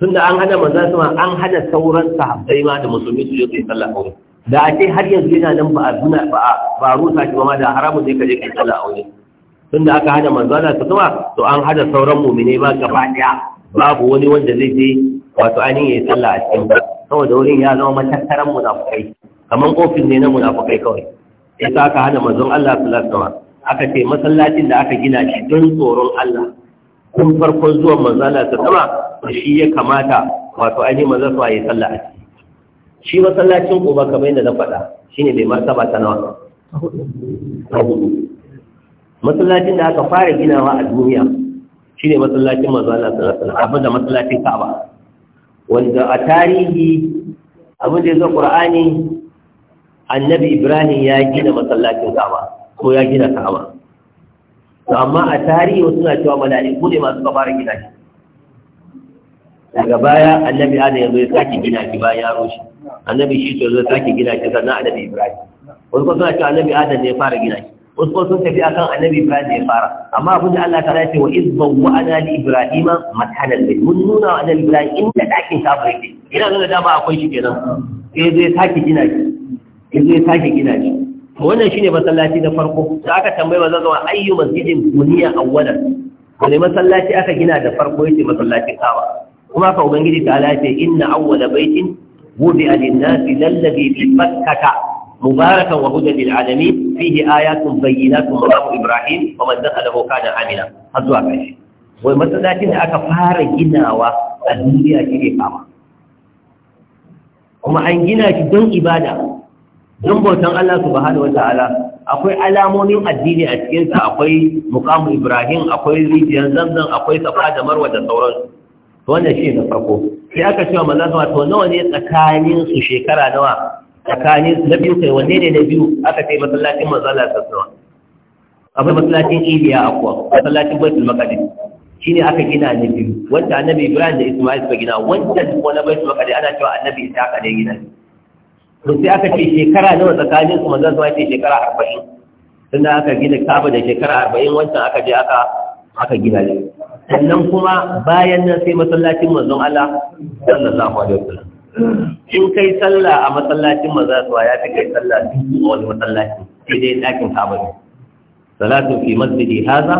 tunda an hada manzo sama an hada sauran sahabbai ma da musulmi su je su yi sallah aure da ake har yanzu yana nan ba a zuna ba ba rusa ki ba ma da haramun zai kaje kai sallah aure tunda aka hada manzo su kuma to an hada sauran mu'mine ba gaba daya babu wani wanda zai je wato ainihin yi sallah a cikin saboda wurin ya zama matattaran munafukai kamar ofis ne na munafukai kawai ya sa aka hana mazan Allah sallallahu alaihi aka ce masallacin da aka gina shi don tsoron Allah kun farkon zuwan manzon Allah zama da shi ya kamata wato ainihin manzon su waye sallah a ciki. shi masallacin ba kamar yadda na faɗa shine mai martaba ta nawa masallacin da aka fara ginawa a duniya shine masallacin manzon Allah sallallahu alaihi abin da masallacin Ka'aba wanda a tarihi abin da ya ƙur'ani annabi ibrahim ya gina masallacin kaba ko ya gina kaba to amma a tarihi wasu na cewa mala'iku ne masu kamar gina shi daga baya annabi ana yanzu ya sake gina shi bayan ya rushe annabi shi to ya sake gina shi sannan annabi ibrahim wasu kuma suna cewa annabi adam ne ya fara gina shi wasu kuma sun tafi akan annabi ibrahim ya fara amma abin da Allah ta ya ce wa iz ana li ibrahima makanan bayt mun nuna wa annabi ibrahim inda dakin kafa yake ina nuna dama akwai shi kenan sai zai sake gina shi sai zai sake gina shi wannan shine masallaci na farko da aka tambaye wa zazzawa ayyu masjidin buniya awwalan wani masallaci aka gina da farko yace masallacin kawa kuma ka ubangiji ta ala ce inna awwala baitin wudi alin nasi lallabi bi bakkata مباركا وهدى للعالمين فيه آيات بينات مقام إبراهيم ومن دخله كان آمنا هذا كشي ومسلاتين أكفار جناوة الدنيا شيء كما kuma an gina shi don ibada don bautan Allah subhanahu wa ta'ala akwai alamomin addini a cikinsa akwai mukamu Ibrahim akwai rijiyar zamzam akwai safa da marwa da sauransu to wannan shi na farko sai aka cewa manzo sama to nawa ne tsakanin su shekara nawa tsakani na biyu kai wanne ne na biyu aka kai masallacin manzala sassawa akwai masallacin ibiya kuwa masallacin baitul shi ne aka gina na biyu wanda annabi ibrahim da isma'il suka gina wancan ko na baitul maqdis ana cewa annabi ita aka ne gina to sai aka ce shekara nawa tsakanin su manzon sai ce shekara arba'in tunda aka gina kaba da shekara arba'in wancan aka je aka aka gina ne sannan kuma bayan nan sai masallacin manzon Allah sallallahu alaihi wasallam in kai sallah a masallacin maza suwa ya fi kai sallah duk a wani masallaci sai dai ɗakin kaba ne salatu fi masjidi haza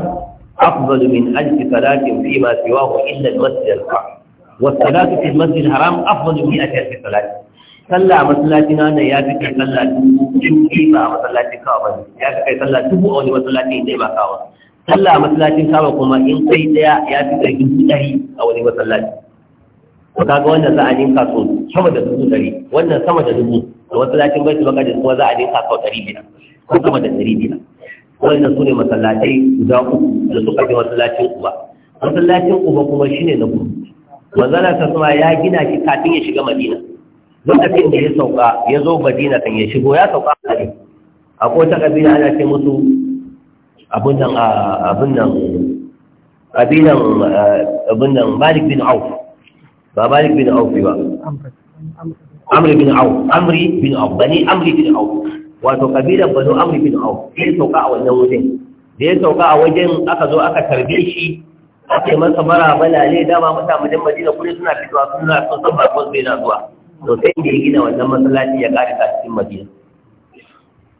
afdal min ajli salatin fi ma siwahu illa al-masjid al-haram wa salatu fi masjid haram afdal min ajli salati sallah a masallacin nan ya fi kai sallah duk ba a masallacin kaba ne ya fi kai sallah duk a wani masallacin dai ba kawa. sallah a masallacin kaba kuma in kai daya ya fi kai duk ɗari a wani masallaci ko kaga wannan za a ninka so sama da dubu ɗari wannan sama da dubu da masallacin baitul da kuma za a ninka sau ɗari biyar ko sama da ɗari biyar wannan su ne masallatai guda uku da suka fi masallacin uba masallacin uba kuma shi ne na kudu manzala ta kuma ya gina shi kafin ya shiga madina lokacin da ya sauka ya zo madina kan ya shigo ya sauka a ne akwai wata kabila ana ce musu abin nan abin nan abin nan abin nan malik bin auf ba malik bin auf ba amri bin auf amri bin auf bani amri bin auf wato kabila banu amri bin auf sai sauka a wannan wajen da ya sauka a wajen aka zo aka tarbe shi aka yi masa mara balale dama mutanen madina kuma suna fitowa suna son san bakon sai na zuwa to sai da ya gina wannan masallaci ya kare ta cikin madina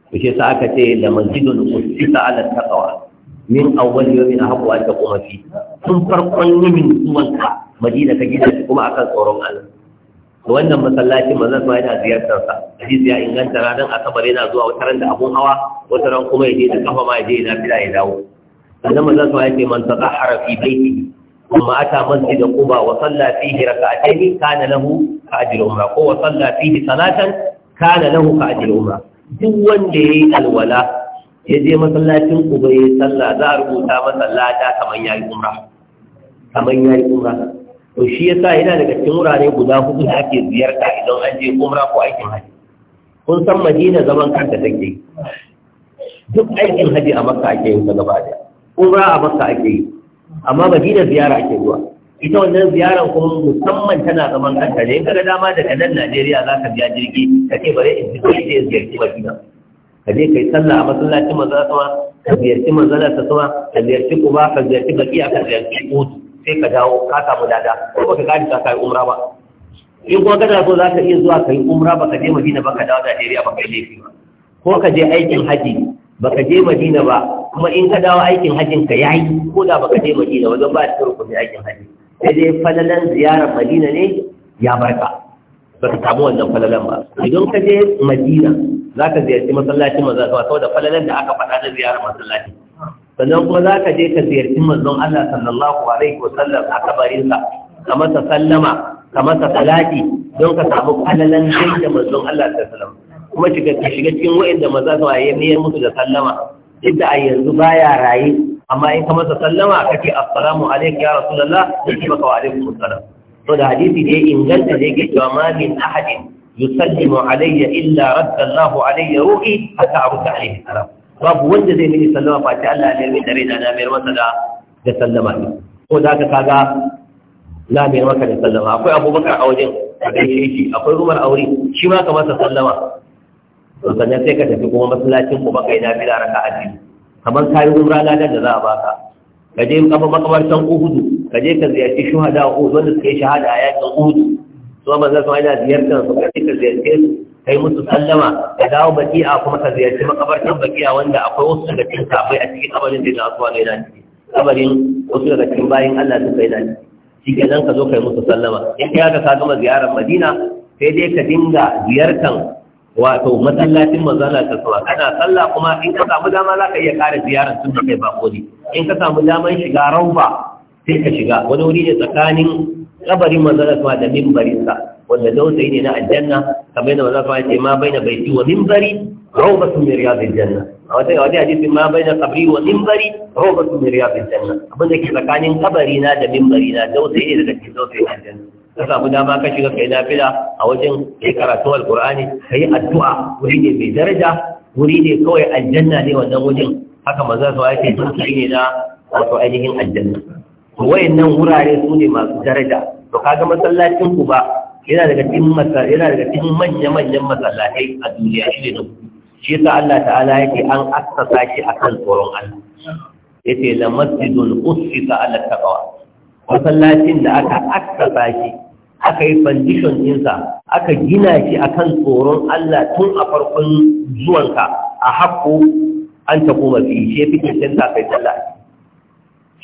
to shi sa aka ce da masjidun usita ala taqwa min awwal yawmin ahqu an taquma fi tun farkon yinin zuwan ka madina ka gida kuma akan tsoron Allah wannan masallaci manzon ma yana ziyartar sa hadisi ya inganta ranar asabar yana zuwa wata ran da abun hawa wata ran kuma yaje da kafa ma yaje na fila ya dawo sannan manzon ma yace man tatahhara fi baitihi ثم أتى مسجد قبى وصلى kana lahu كان له كأجر عمره وصلى فيه صلاة كان له كأجر umra." duk wanda ya yi alwala ya je masallacin uba ya sallah za a rubuta masa lada kamar ya yi umra kamar ya yi umra to shi ya sa yana daga cikin wurare guda hudu da ake ziyarta idan an je umra ko aikin haji kun san madina zaman kanta take duk aikin haji a makka ake yin ta gaba da umra a makka ake yi amma madina ziyara ake zuwa ita wannan ziyaran kuma musamman tana zaman kanta ne kaga dama daga nan Najeriya za ka biya jirgi ka ce bare in ji sai ziyarci Madina ka je kai sallah a masallacin maza sama ka ziyarci manzo ta sama ka ziyarci kuma, ka ziyarci baki a ka ziyarci hutu, sai ka dawo ka samu dada ko baka gadi ka kai umra ba in kuma kada so za ka iya zuwa ka yi umra ba ka je madina ba ka dawo najeriya ba kai laifi ba ko ka je aikin haji ba ka je madina ba kuma in ka dawo aikin hajin ka yayi ko da ba ka je madina ba don ba cikin rukunin aikin haji sai dai falalan ziyarar madina ne ya barka ba ka samu wannan falalan ba idan ka je madina za ka ziyarci masallacin manzon Allah saboda falalan da aka faɗa da ziyarar masallaci sannan kuma za ka je ka ziyarci manzon Allah sallallahu alaihi wa sallam a kabarinsa ka masa sallama ka masa salati don ka samu falalan da manzon Allah sallallahu alaihi wa sallam kuma ka shiga cikin wa'inda maza su waye ne musu da sallama duk da a yanzu baya raye amma in ka masa sallama kake assalamu alaikum ya rasulullah sai maka wa alaikum assalam to da hadisi da inganta da yake cewa ma min ahadin yusallimu alayya illa radda Allahu alayya ruhi hatta arda alayhi salam babu wanda zai mini sallama fa ta Allah ne mai dare da namiyar mai masa da da sallama ne ko da ka kaga na mai maka da sallama akwai Abubakar a wajen a gaishe shi akwai Umar a wuri shi ma ka masa sallama to sannan sai ka tafi kuma masallacin ku baka ina bila a biyu kamar kayi umra ladan da za a baka ka je kafa makabartan Uhudu ka je ka ziyarci shuhada uhudu wanda suke shahada a yakin Uhudu. zuwa manzan sama yana ziyartar su ka ziyarce su ka yi musu sallama ka dawo baki'a kuma ka ziyarci makabartar baki'a wanda akwai wasu daga cikin kafai a cikin kabarin da na asuwa yana ciki kabarin wasu daga cikin bayan Allah duka yana ciki shi nan ka zo ka yi musu sallama in ka ka gama ziyarar Madina sai dai ka dinga ziyartar wato masallacin manzana ta sama kana sallah kuma in ka samu dama za ka iya kare ziyarar tun da kai ba kodi in ka samu damar shiga rauba sai ka shiga wani wuri ne tsakanin kabarin manzon Allah da mimbarin sa wanda dausayi ne na aljanna kamar yadda manzon Allah ce ma bai na baiti wa mimbari rawbatun min riyadil janna a wata wani hadisi ma bai na qabri wa mimbari rawbatun min riyadil janna abin da ke tsakanin kabari na da mimbari na dausayi ne daga cikin dausayin aljanna ka samu dama ka shiga kai nafila a wajen kai karatu ka yi addu'a wuri ne mai daraja wuri ne kawai aljanna ne wannan wajen haka manzon Allah ya ce dausayi ne na wato ainihin aljanna wayannan wurare su ne masu daraja to kaga masallacin ku ba yana daga cikin masa yana daga cikin manya manyan masallatai a duniya shi ne shi yasa Allah ta'ala yake an assasa shi akan tsoron Allah yace la masjidun ussita ala taqwa masallacin da aka assasa shi aka yi foundation ɗinsa aka gina shi akan tsoron Allah tun a farkon zuwanka a hakku an ta kuma fi shi yafi fi cancanta kai sallah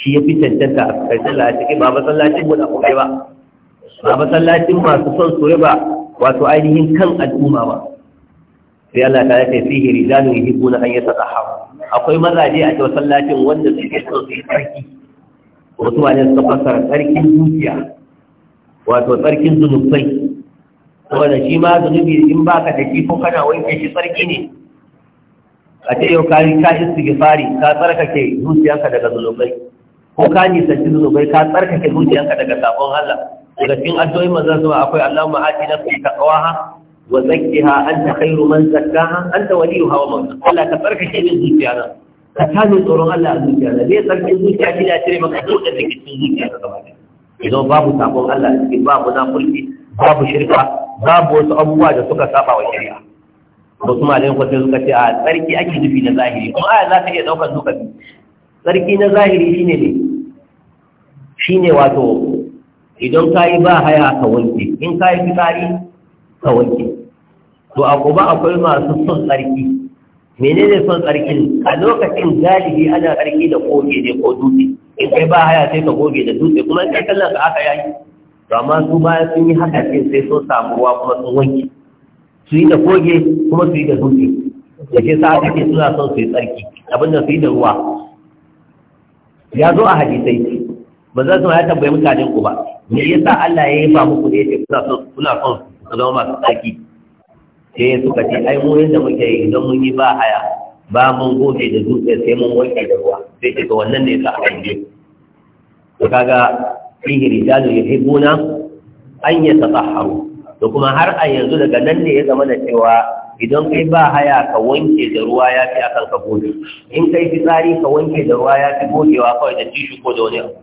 shi yafi fi cancanta kai sallah a cikin ba masallacin mu da kuma ba ba masallacin masu son su riba wato ainihin kan al'umma ba sai Allah ta yake fihi rijalun yuhibbuna an yatatahharu akwai mazaje a cikin masallacin wanda suke son su yi tsarki wasu wani suka fassara tsarkin dukiya wato tsarkin zunubai wanda shi ma zunubi in baka da shi ko kana wanke shi tsarki ne a ce yau kari ka istighfari ka tsarkake zuciyanka daga zunubai ko ka nisanci zunubai ka tsarkake zuciyanka daga sabon Allah daga cikin addu'o'i manzon sama akwai ma'aji na ati nafsi taqwaha wa ha? zakkiha anta khairu man zakkaha anta waliyuha wa mawlaha Allah ka tsarkake min zuciya na ka tani tsoron Allah a zuciya na zai tsarkake zuciya shi da cire maka dukkan da ke cikin zuciya na gaba ɗaya idan babu sabon Allah cikin babu na nafulki babu shirka babu wasu abubuwa da suka saba wa shari'a wasu malayan kwasai suka ce a tsarki ake nufi na zahiri kuma aya za ta iya ɗaukar duka biyu tsarki na zahiri shine ne shine wato idan ka yi ba haya ka wanke in ka yi fitari ka wanke to a kuma akwai masu son tsarki menene son tsarkin a lokacin galibi ana tsarki da goge ne ko dutse in kai ba haya sai ka goge da dutse kuma kai kallon ka aka yayi to amma su bayan sun yi haka sai sai sun samu ruwa kuma sun wanke su yi da goge kuma su yi da dutse da ke sa ake ce suna son su yi tsarki abinda su yi da ruwa ya zo a hadisai ba za su ma ya tambayi mutanen ku ba me yasa Allah ya yi ba muku da yake kuna son kuna son su zama masu tsaki sai suka ce ai mu yadda muke yi idan mun yi ba haya ba mun goge da dutse sai mun wanke da ruwa sai ce ga wannan ne yasa aka yi to kaga fihi rijalu yuhibbuna an yatatahharu to kuma har a yanzu daga nan ne ya zama da cewa idan kai ba haya ka wanke da ruwa ya fi akan ka goge in kai fitsari ka wanke da ruwa ya fi gogewa kawai da tishu ko da wani abu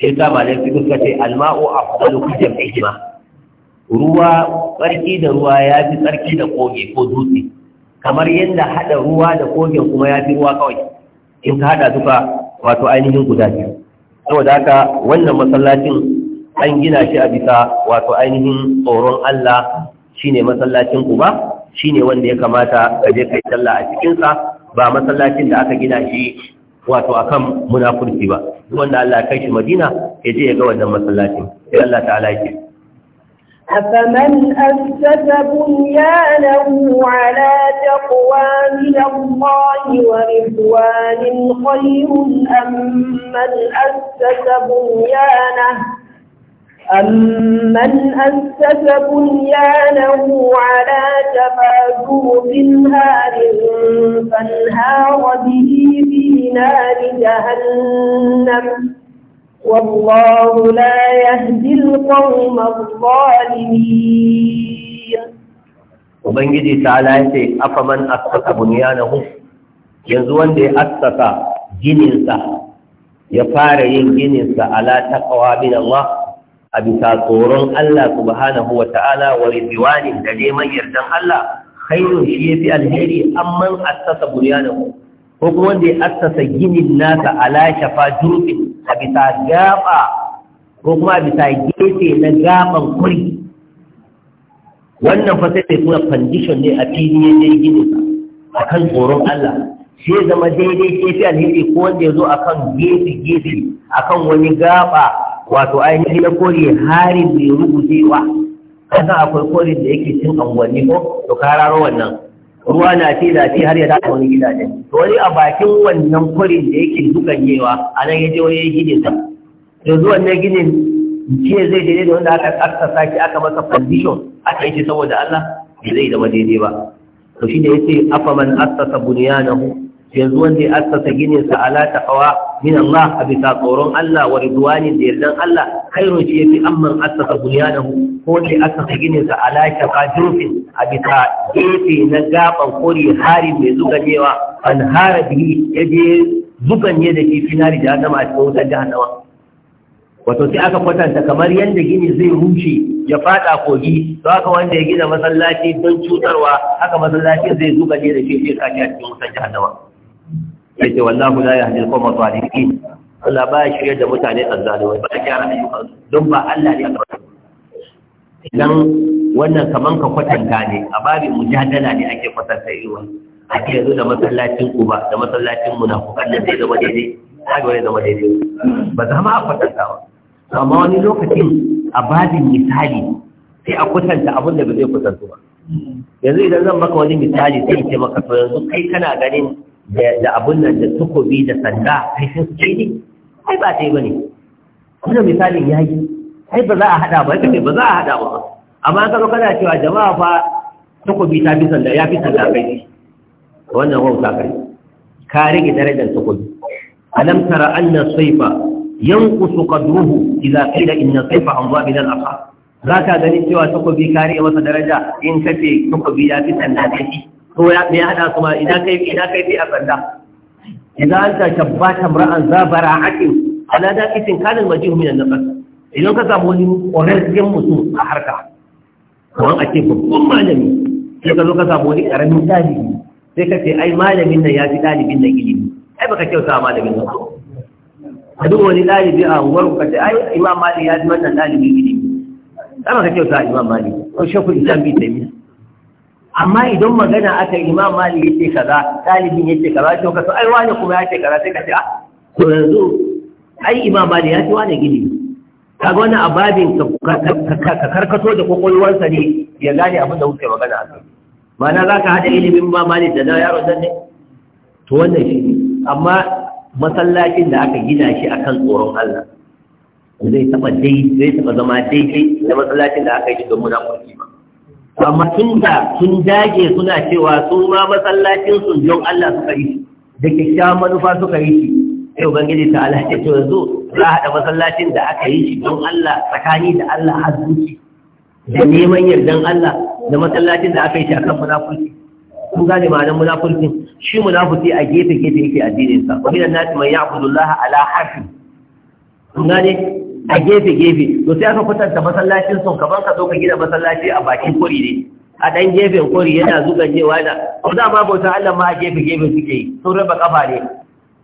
sai ta ma su suka ce alma'u a fi jam'i hikima ruwa tsarki da ruwa ya fi tsarki da koge ko dutse kamar yadda haɗa ruwa da kogen kuma ya fi ruwa kawai in ka haɗa duka wato ainihin guda biyu saboda haka wannan masallacin an gina shi a bisa wato ainihin tsoron Allah shine masallacin ba shine wanda ya kamata ka je kai sallah a cikinsa ba masallacin da aka gina shi wato akan munafurci ba wanda Allah ya kai shi Madina ya je ya ga wannan masallacin sai Allah ta'ala yake أفمن أسس بنيانه على تقوى من الله ورضوان خير أم من أسس بنيانه أمن أسس بنيانه على جفا جوف هار فانهار به في نار جهنم والله لا يهدي القوم الظالمين Ubangiji ta lafe afaman asasa bunyanahu yanzu wanda ya asasa gininsa ya fara yin gininsa ala taqwa min Allah a bisa tsoron Allah subhanahu wa ta'ala wa rizwani da neman yardan Allah khairun shi yafi alheri amma assasa buryanahu ko kuma wanda ya assasa ginin nasa ala shafa a bisa gaba ko kuma a bisa gefe na gaban kuri wannan fasai sai kuma condition ne a fili ya dai gini sa akan tsoron Allah shi zama daidai shi yafi alheri ko wanda ya zo akan gefe gefe akan wani gaba wato ainihin na kore hari mai rugujewa kasan akwai kore da yake cin anguwanni ko to kararo wannan ruwa na ce da ce har ya dace wani gidaje to wani a bakin wannan korin da yake dukanyewa a nan ya je wani gine to zuwa na ginin ce zai daidai da wanda aka aksasa shi aka masa condition aka yi shi saboda Allah bai zai zama daidai ba to shi da yace afaman asasa bunyanahu yanzu wanda ya assasa ginin sa ala taqwa min Allah a bisa tsoron Allah wa ridwani da yardan Allah khairun shi yafi amman assasa bunyanahu ko wanda ya assasa ginin sa ala ta jurfin a bisa gefe na gaban kori hari mai zuganewa an hara bihi ya je zuganye da kifi finari da adama a cikin wutar jahannama wato sai aka kwatanta kamar yadda gini zai rushe ya fada kogi to haka wanda ya gina masallaci don cutarwa haka masallacin zai zuba ne da shi sai sake a cikin wutar jahannama yace wallahu la yahdi al-qawma adh-dhalimin Allah ba ya shirya da mutane azzalimai ba ya gyara don ba Allah ne ya idan wannan kaman ka kwatanta ne a babin mujadala ne ake kwatanta irin wannan ake yanzu da masallacin kuba da masallacin munafukan da zai zama daidai haka zai zama daidai ba za ma a kwatanta ba amma wani lokacin a babin misali sai a kwatanta abin da ba zai kwatantu ba yanzu idan zan maka wani misali sai ce maka to yanzu kai kana ganin da abin nan da tukubi da sanda haifin su ce ne ai ba ta yi ba ne wannan misalin ya yi ai ba za a haɗa ba ya ba za a haɗa ba amma ka zo kana cewa jama'a fa tukubi ta fi sanda ya fi sanda kai ne wannan wauta kai ka rage darajar tukubi alam tara anna saifa yanqusu qadruhu idza qila inna saifa amwa ila al-aqab za ka gani cewa tukubi ka rage masa daraja in kace tukubi ya fi sanda kai to ya me hada su idan kai idan kai fi a sanda idan an ta tabbata mar'an zabara akin ala da kitin kalin majih min an-nafas idan ka samu wani ƙwararren mutum a harka kamar a ce babban malami sai ka zo ka samu wani ƙaramin ɗalibi sai ka ce ai malamin nan ya fi ɗalibin nan ilimi ai baka kyauta malamin nan ka duk wani ɗalibi a unguwar ka ce ai imam mali ya fi wannan ɗalibin ilimi ai baka kyauta imam mali ko shakul islam bi taimiya amma idan magana aka yi, imam malik ce kaza talibin ce kaza to ka so ai wani kuma ce kaza sai ka ce ah to yanzu ai imam malik ya ce wani gidi ga wani ababin ka karkato da kokolwarsa ne ya gane abin da wuce magana a kai ma'ana za ka haɗa ilimin imam malik da na yaro dan ne to wannan shi ne amma masallacin da aka gina shi akan tsoron Allah zai taɓa zai taɓa zama daidai da masallacin da aka yi shi na munafurci ba amma tun da sun dage suna cewa sun ma masallacin don Allah suka yi da kyakkyawan manufa suka yi shi yi ubangiji ta Allah ya ce wanzu za a haɗa masallacin da aka yi shi don Allah tsakani da Allah a zuci da neman yardan Allah da masallacin da aka yi shi kan munafurci kun gane ma'anar munafurcin shi munafurci a gefe gefe yake addininsa. Wani wa minan nasi mai ya'budu ala harfi kun gane a gefe gefe to sai aka kwatanta masallacin sun kaban ka zo ka gina masallaci a bakin kuri ne a ɗan gefen kuri yana zuganyewa da ko za ma bauta Allah ma a gefe gefe suke yi sun raba kafa ne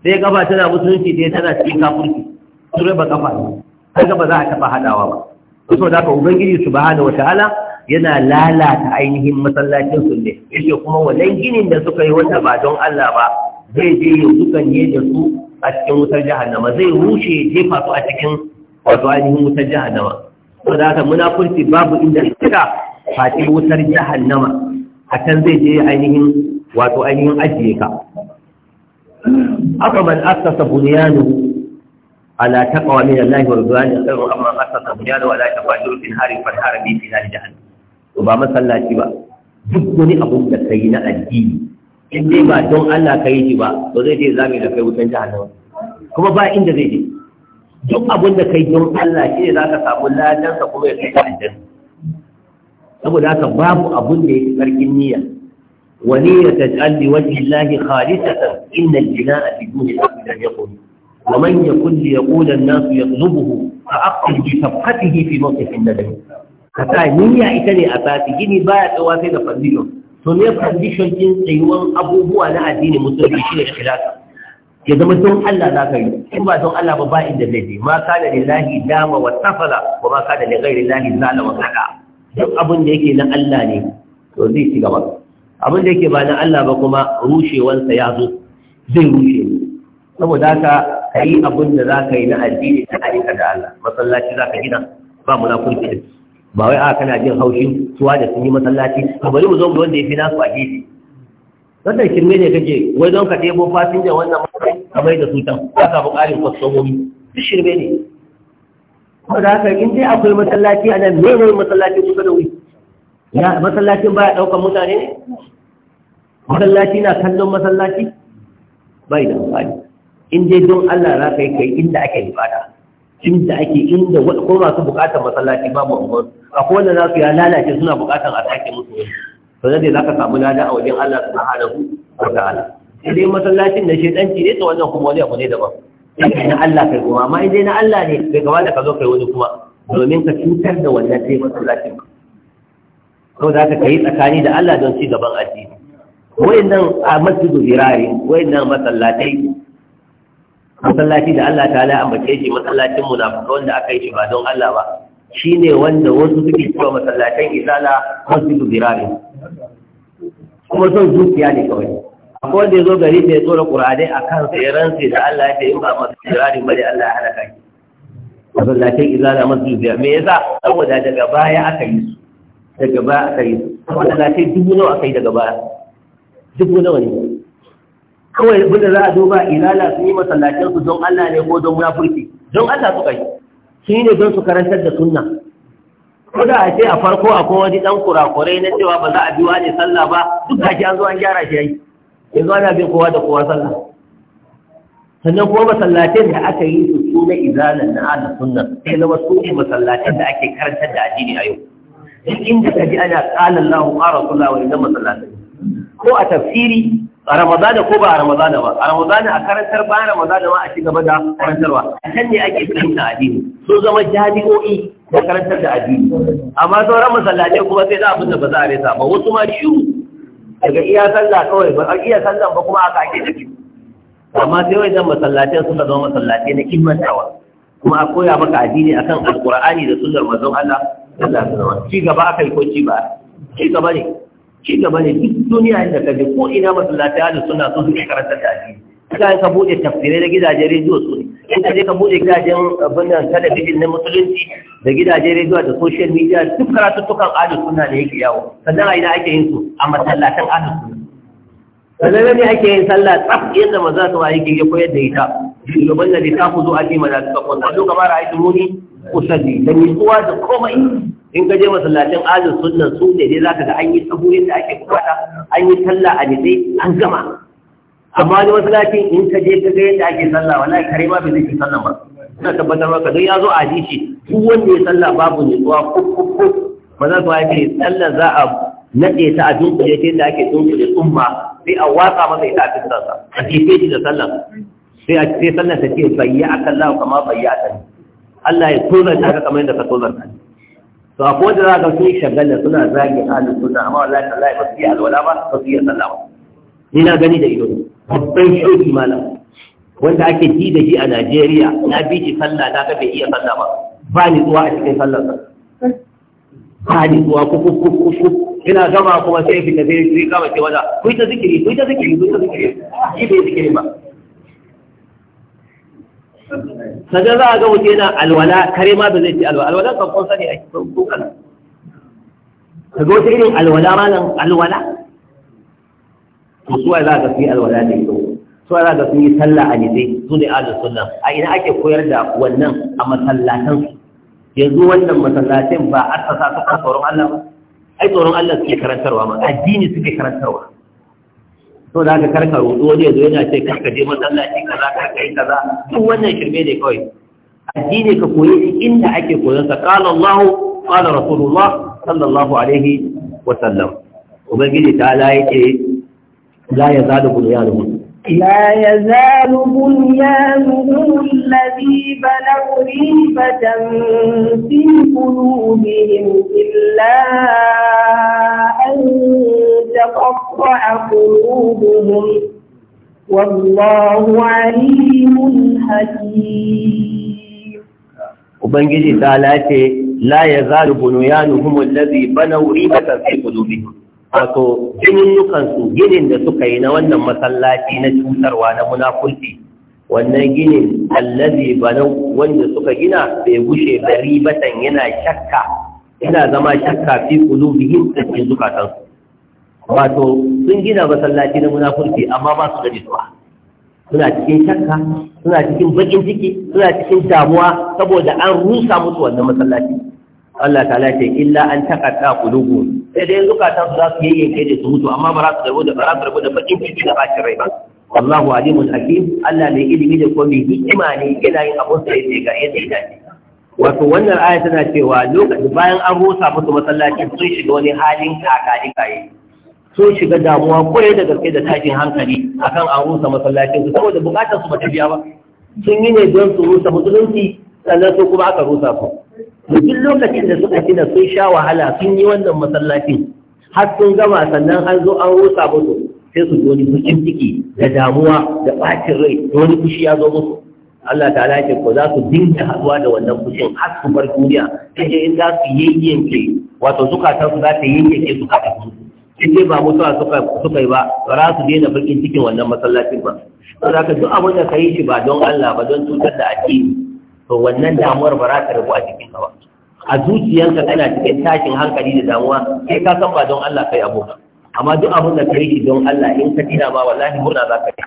sai kafa tana musulunci sai tana cikin kafurki sun raba kafa ne kaga ba za a taba hadawa ba to saboda haka ubangiji subhanahu ta'ala yana lalata ainihin masallacin su ne yake kuma wannan ginin da suka yi wanda ba don Allah ba zai je ya ne da su a cikin wutar jahannama zai rushe jefa su a cikin wato ainihin wutar jahannama ko da haka munafurci babu inda suka faɗi wutar jahannama a can zai je ainihin wato ainihin ajiye ka aka man asasa bunyanu ala taqwa min Allah wa ridwani khairu amma asasa bunyanu ala tafajur fil hari fal harbi fi nar jahannam to ba masallaci ba duk wani abu da kai na addini in dai ba don Allah kai shi ba to zai je zame da kai wutan jahannama kuma ba inda zai je duk abin da kai don Allah shi ne za ka samu ladansa kuma ya kai ka aljanna saboda haka babu abin da ya fi karfin niyya wa niyyata ta'alli wajhi llahi khalisatan inna al-jinaa fi duni abdan yaqul wa man yaqul li yaqul an-nas yaqlubuhu fa aqil bi tabqatihi fi mawqif an-nadam kata niyya ita ne a sati gini baya tsawa sai da fadilo to ne condition din tsayuwan abubuwa na addini musulmi shi ne ikhlasa ya zama don Allah za ka yi in ba don Allah ba ba inda zai je ma ka da lillahi dama wa tafala wa ma ka da lighairi lillahi zala wa kada duk abin da yake na Allah ne to zai ci gaba abin da yake ba na Allah ba kuma rushewansa ya zo zai rushe saboda haka ka yi abin da za ka yi na addini ta aika da Allah masallaci za ka gina ba munafurci ba wai a kana jin haushin suwa da sun yi masallaci to bari mu zo wanda ya fi nasu a gefe wannan kirme ne kake wai don ka ɗebo fasinja wannan mai da tutan can ka samu ƙarin kwastomomi Su shirme ne ko da haka in dai akwai masallaci a nan ne masallaci kusa da wuri ya masallacin baya ɗaukar mutane ne masallaci na kallon masallaci bai da amfani in dai don Allah za ka yi kai inda ake ibada inda ake inda ko masu bukatar masallaci babu akwai wanda za su ya lalace suna bukatar a sake musu wani to nan ne za ka samu lada a wajen Allah su ku? wa ta'ala sai dai masallacin da shedanci ne to wannan kuma wani abu ne daban sai na Allah kai kuma amma idan na Allah ne bai kamata ka zo kai wani kuma domin ka cutar da wannan sai masallacin ka ko za ka kai tsakani da Allah don ci gaban addini wayannan a masjidu birari wayannan masallatai masallaci da Allah ta ala ambace shi masallacin munafiki wanda aka yi shi ba don Allah ba shine wanda wasu suke cewa masallatan izala masjidu birari kuma son zuciya ne kawai akwai wanda ya zo gari da ya tsora ƙur'anai a kan tseren sai da Allah ya ce in ba masu tsirarin ba da Allah ya hana halaka ki masallacin izala masu zuciya. me ya sa saboda daga baya aka yi su daga baya aka yi su ce dubu nawa aka yi daga baya dubu nawa ne kawai abinda za a duba izala sun yi masallacin su don Allah ne ko don munafurci don Allah suka yi shi ne don su karantar da sunna ko da a ce a farko akwai wani dan kurakurai na cewa ba za a biwa ne sallah ba duk da an zo an gyara shi yayi yanzu ana bin kowa da kowa sallah sannan kuma masallatai da aka yi su su na izalan na ala sunna sai zama su ne masallatai da ake karantar da addini a yau duk inda ka ji ana qala Allahu qala rasulullah wa inna masallatai ko a tafsiri a ramadana ko ba a ramadana ba a ramadana a karantar ba ramadana ma a ci gaba da karantarwa a can ne ake fahimta addini so zama jami'o'i makarantar karantar da addini amma sauran masallatai kuma sai da abin da ba za a resa ba wasu ma shiru daga iya sallah kawai ba a iya sallah ba kuma aka ake tafi amma sai wai zan masallatai suka zama masallatai na ilmantawa kuma a koya maka addini akan alqur'ani da sunnar manzon Allah sallallahu alaihi wasallam ci gaba akai ko ci ba ci gaba ne ci gaba ne duk duniya inda kaje ko ina masallatai da sunna sun suke karantar da addini ka ka buɗe tafsirai da gidajen rediyo su in ka je ka buɗe gidajen abin da talabijin na musulunci da gidajen rediyo da social media duk karatuttukan ahlus suna da yake yawo sannan a ina ake yin su a masallatan ahlus sunna sannan ne ake yin sallah tsaf yadda maza su ma yake ya koyar da ita shugaban da ta ku zo a ji mana suka kwanta zo kamar a yi tumuni usalli da nutsuwa da komai in ka je masallacin ahlus suna su ne za ka ga an yi sabo yadda ake bukata an yi sallah a nitsi an gama amma wani masallaci in ka je ka ga yadda ake sallah wallahi kare ma bai zai sallah ba ina tabbatar maka don ya zo a shi, duk wanda ya sallah babu ne zuwa kukkukku ko maza su ya ce sallah za a nade ta a dunkule ta yadda ake dunkule tsumma sai a watsa masa ita a fiskarsa a jefe shi da sallah sai a ce sallah ta ce bayya a kallah kama bayya a sani Allah ya tozarta ka kamar yadda ka tozarta ni to a kowace za ka sun shagalla suna zagi halin suna amma wallahi tallahi ba su yi alwala ba ba su yi sallah ba ni na gani da ido babban shauki malam wanda ake ji da shi a Najeriya na bi shi sallah na ga bai iya sallah ba ba ni zuwa a cikin sallar sa ba ni zuwa ku ku ku ku ina gama kuma sai fita sai sai kama ke wata. ku ta zikiri ku ta zikiri ku ta zikiri shi bai zikiri ba kaga za a ga wuce na alwala kare ma ba zai ci alwala alwala kan kun sani a cikin kukan kaga wuce irin alwala malam alwala to suwa za ka fi alwala da kyau suwa za ka fi sallah a nizai su ne ahlus sunna a ina ake koyar da wannan a masallatan yanzu wannan masallatin ba a sasa su kan tsoron Allah ba ai tsoron Allah suke karantarwa ma addini suke karantarwa to da ka karka rudo wani yanzu yana ce karka je masallaci kaza karka yi kaza duk wannan shirme ne kawai addini ka koyi inda ake koyon sa qala Allah qala Rasulullah sallallahu alaihi wa sallam ubangiji ta ala yake لا يزال بنيانهم لا يزال بنيانهم الذي بنوا ريبة في قلوبهم إلا أن تقطع قلوبهم والله عليم حكيم وبنجي تعالى لا يزال بنيانهم الذي بنوا ريبة في قلوبهم wato su ginin da suka yi na wannan masallaci na cutarwa na munafurci wannan ginin allazi banau wanda suka gina bai gushe bari batan yana shakka yana zama shakka fi kulu da cikin zukatan wato sun gina masallaci na munafurci amma ba su da jituwa suna cikin shakka suna cikin bakin ciki suna cikin damuwa saboda an rusa musu wannan masallaci Allah ta ce illa an taqatta qulubu sai dai zukatan su za su yayyanke da su mutu amma ba za su rabu da ba su rabu da bakin ciki da bacin rai ba wallahu alimun hakim Allah ne ilimi da komai mai hikima yana yin abun da yake ga yadda ya wato wannan aya tana cewa lokacin bayan an rusa musu masallaci sun shiga wani halin kakani kaye sun shiga damuwa kwarai da gaske da tashin hankali akan an rusa masallacin su saboda bukatar su ba ta biya ba sun yi ne don su rusa musulunci sannan su kuma aka rusa su duk lokacin da suka gina sun sha wahala sun yi wannan masallacin har sun gama sannan an zo an rusa musu sai su wani fushin ciki da damuwa da bacin rai da wani fushi ya zo musu Allah ta alaƙe ko za su dinga haɗuwa da wannan fushin har su bar duniya sai dai in za su yayyanke wato zukatan su za ta yayyanke su ka su sai dai ba mutuwa suka yi ba ba za su daina bakin cikin wannan masallacin ba. Saboda ka duk abin da ka yi shi ba don Allah ba don cutar da addini to wannan damuwar ba za ta rabu a jikin ka ba a zuciyanka kana cikin tashin hankali da damuwa sai ka san ba don Allah kai abu amma duk abin da kai shi don Allah in ka tina ma wallahi murna za ka yi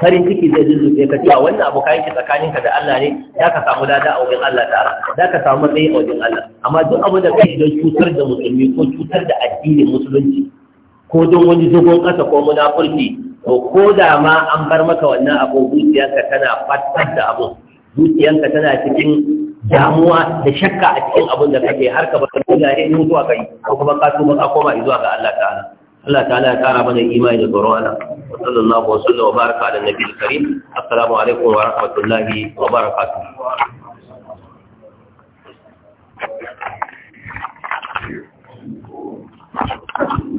farin ciki zai zuzzube ka cewa wannan abu kayan ki tsakaninka da Allah ne za ka samu lada a wajen Allah ta'ala za ka samu matsayi a wajen Allah amma duk abin da kai don cutar da musulmi ko cutar da addinin musulunci ko don wani dogon ƙasa ko munafurci to ko da ma an bar maka wannan abu zuciyarka tana fatar da abu zuciyanka tana cikin damuwa da shakka a cikin abin da kake har ka ka tuna ne zuwa kai ko kuma ka tuba ka koma zuwa ga Allah ta'ala Allah ta'ala ya kara mana imani da tsoron ana. wa sallallahu wa sallam wa baraka ala nabiyil karim assalamu alaikum wa rahmatullahi wa barakatuh Thank you.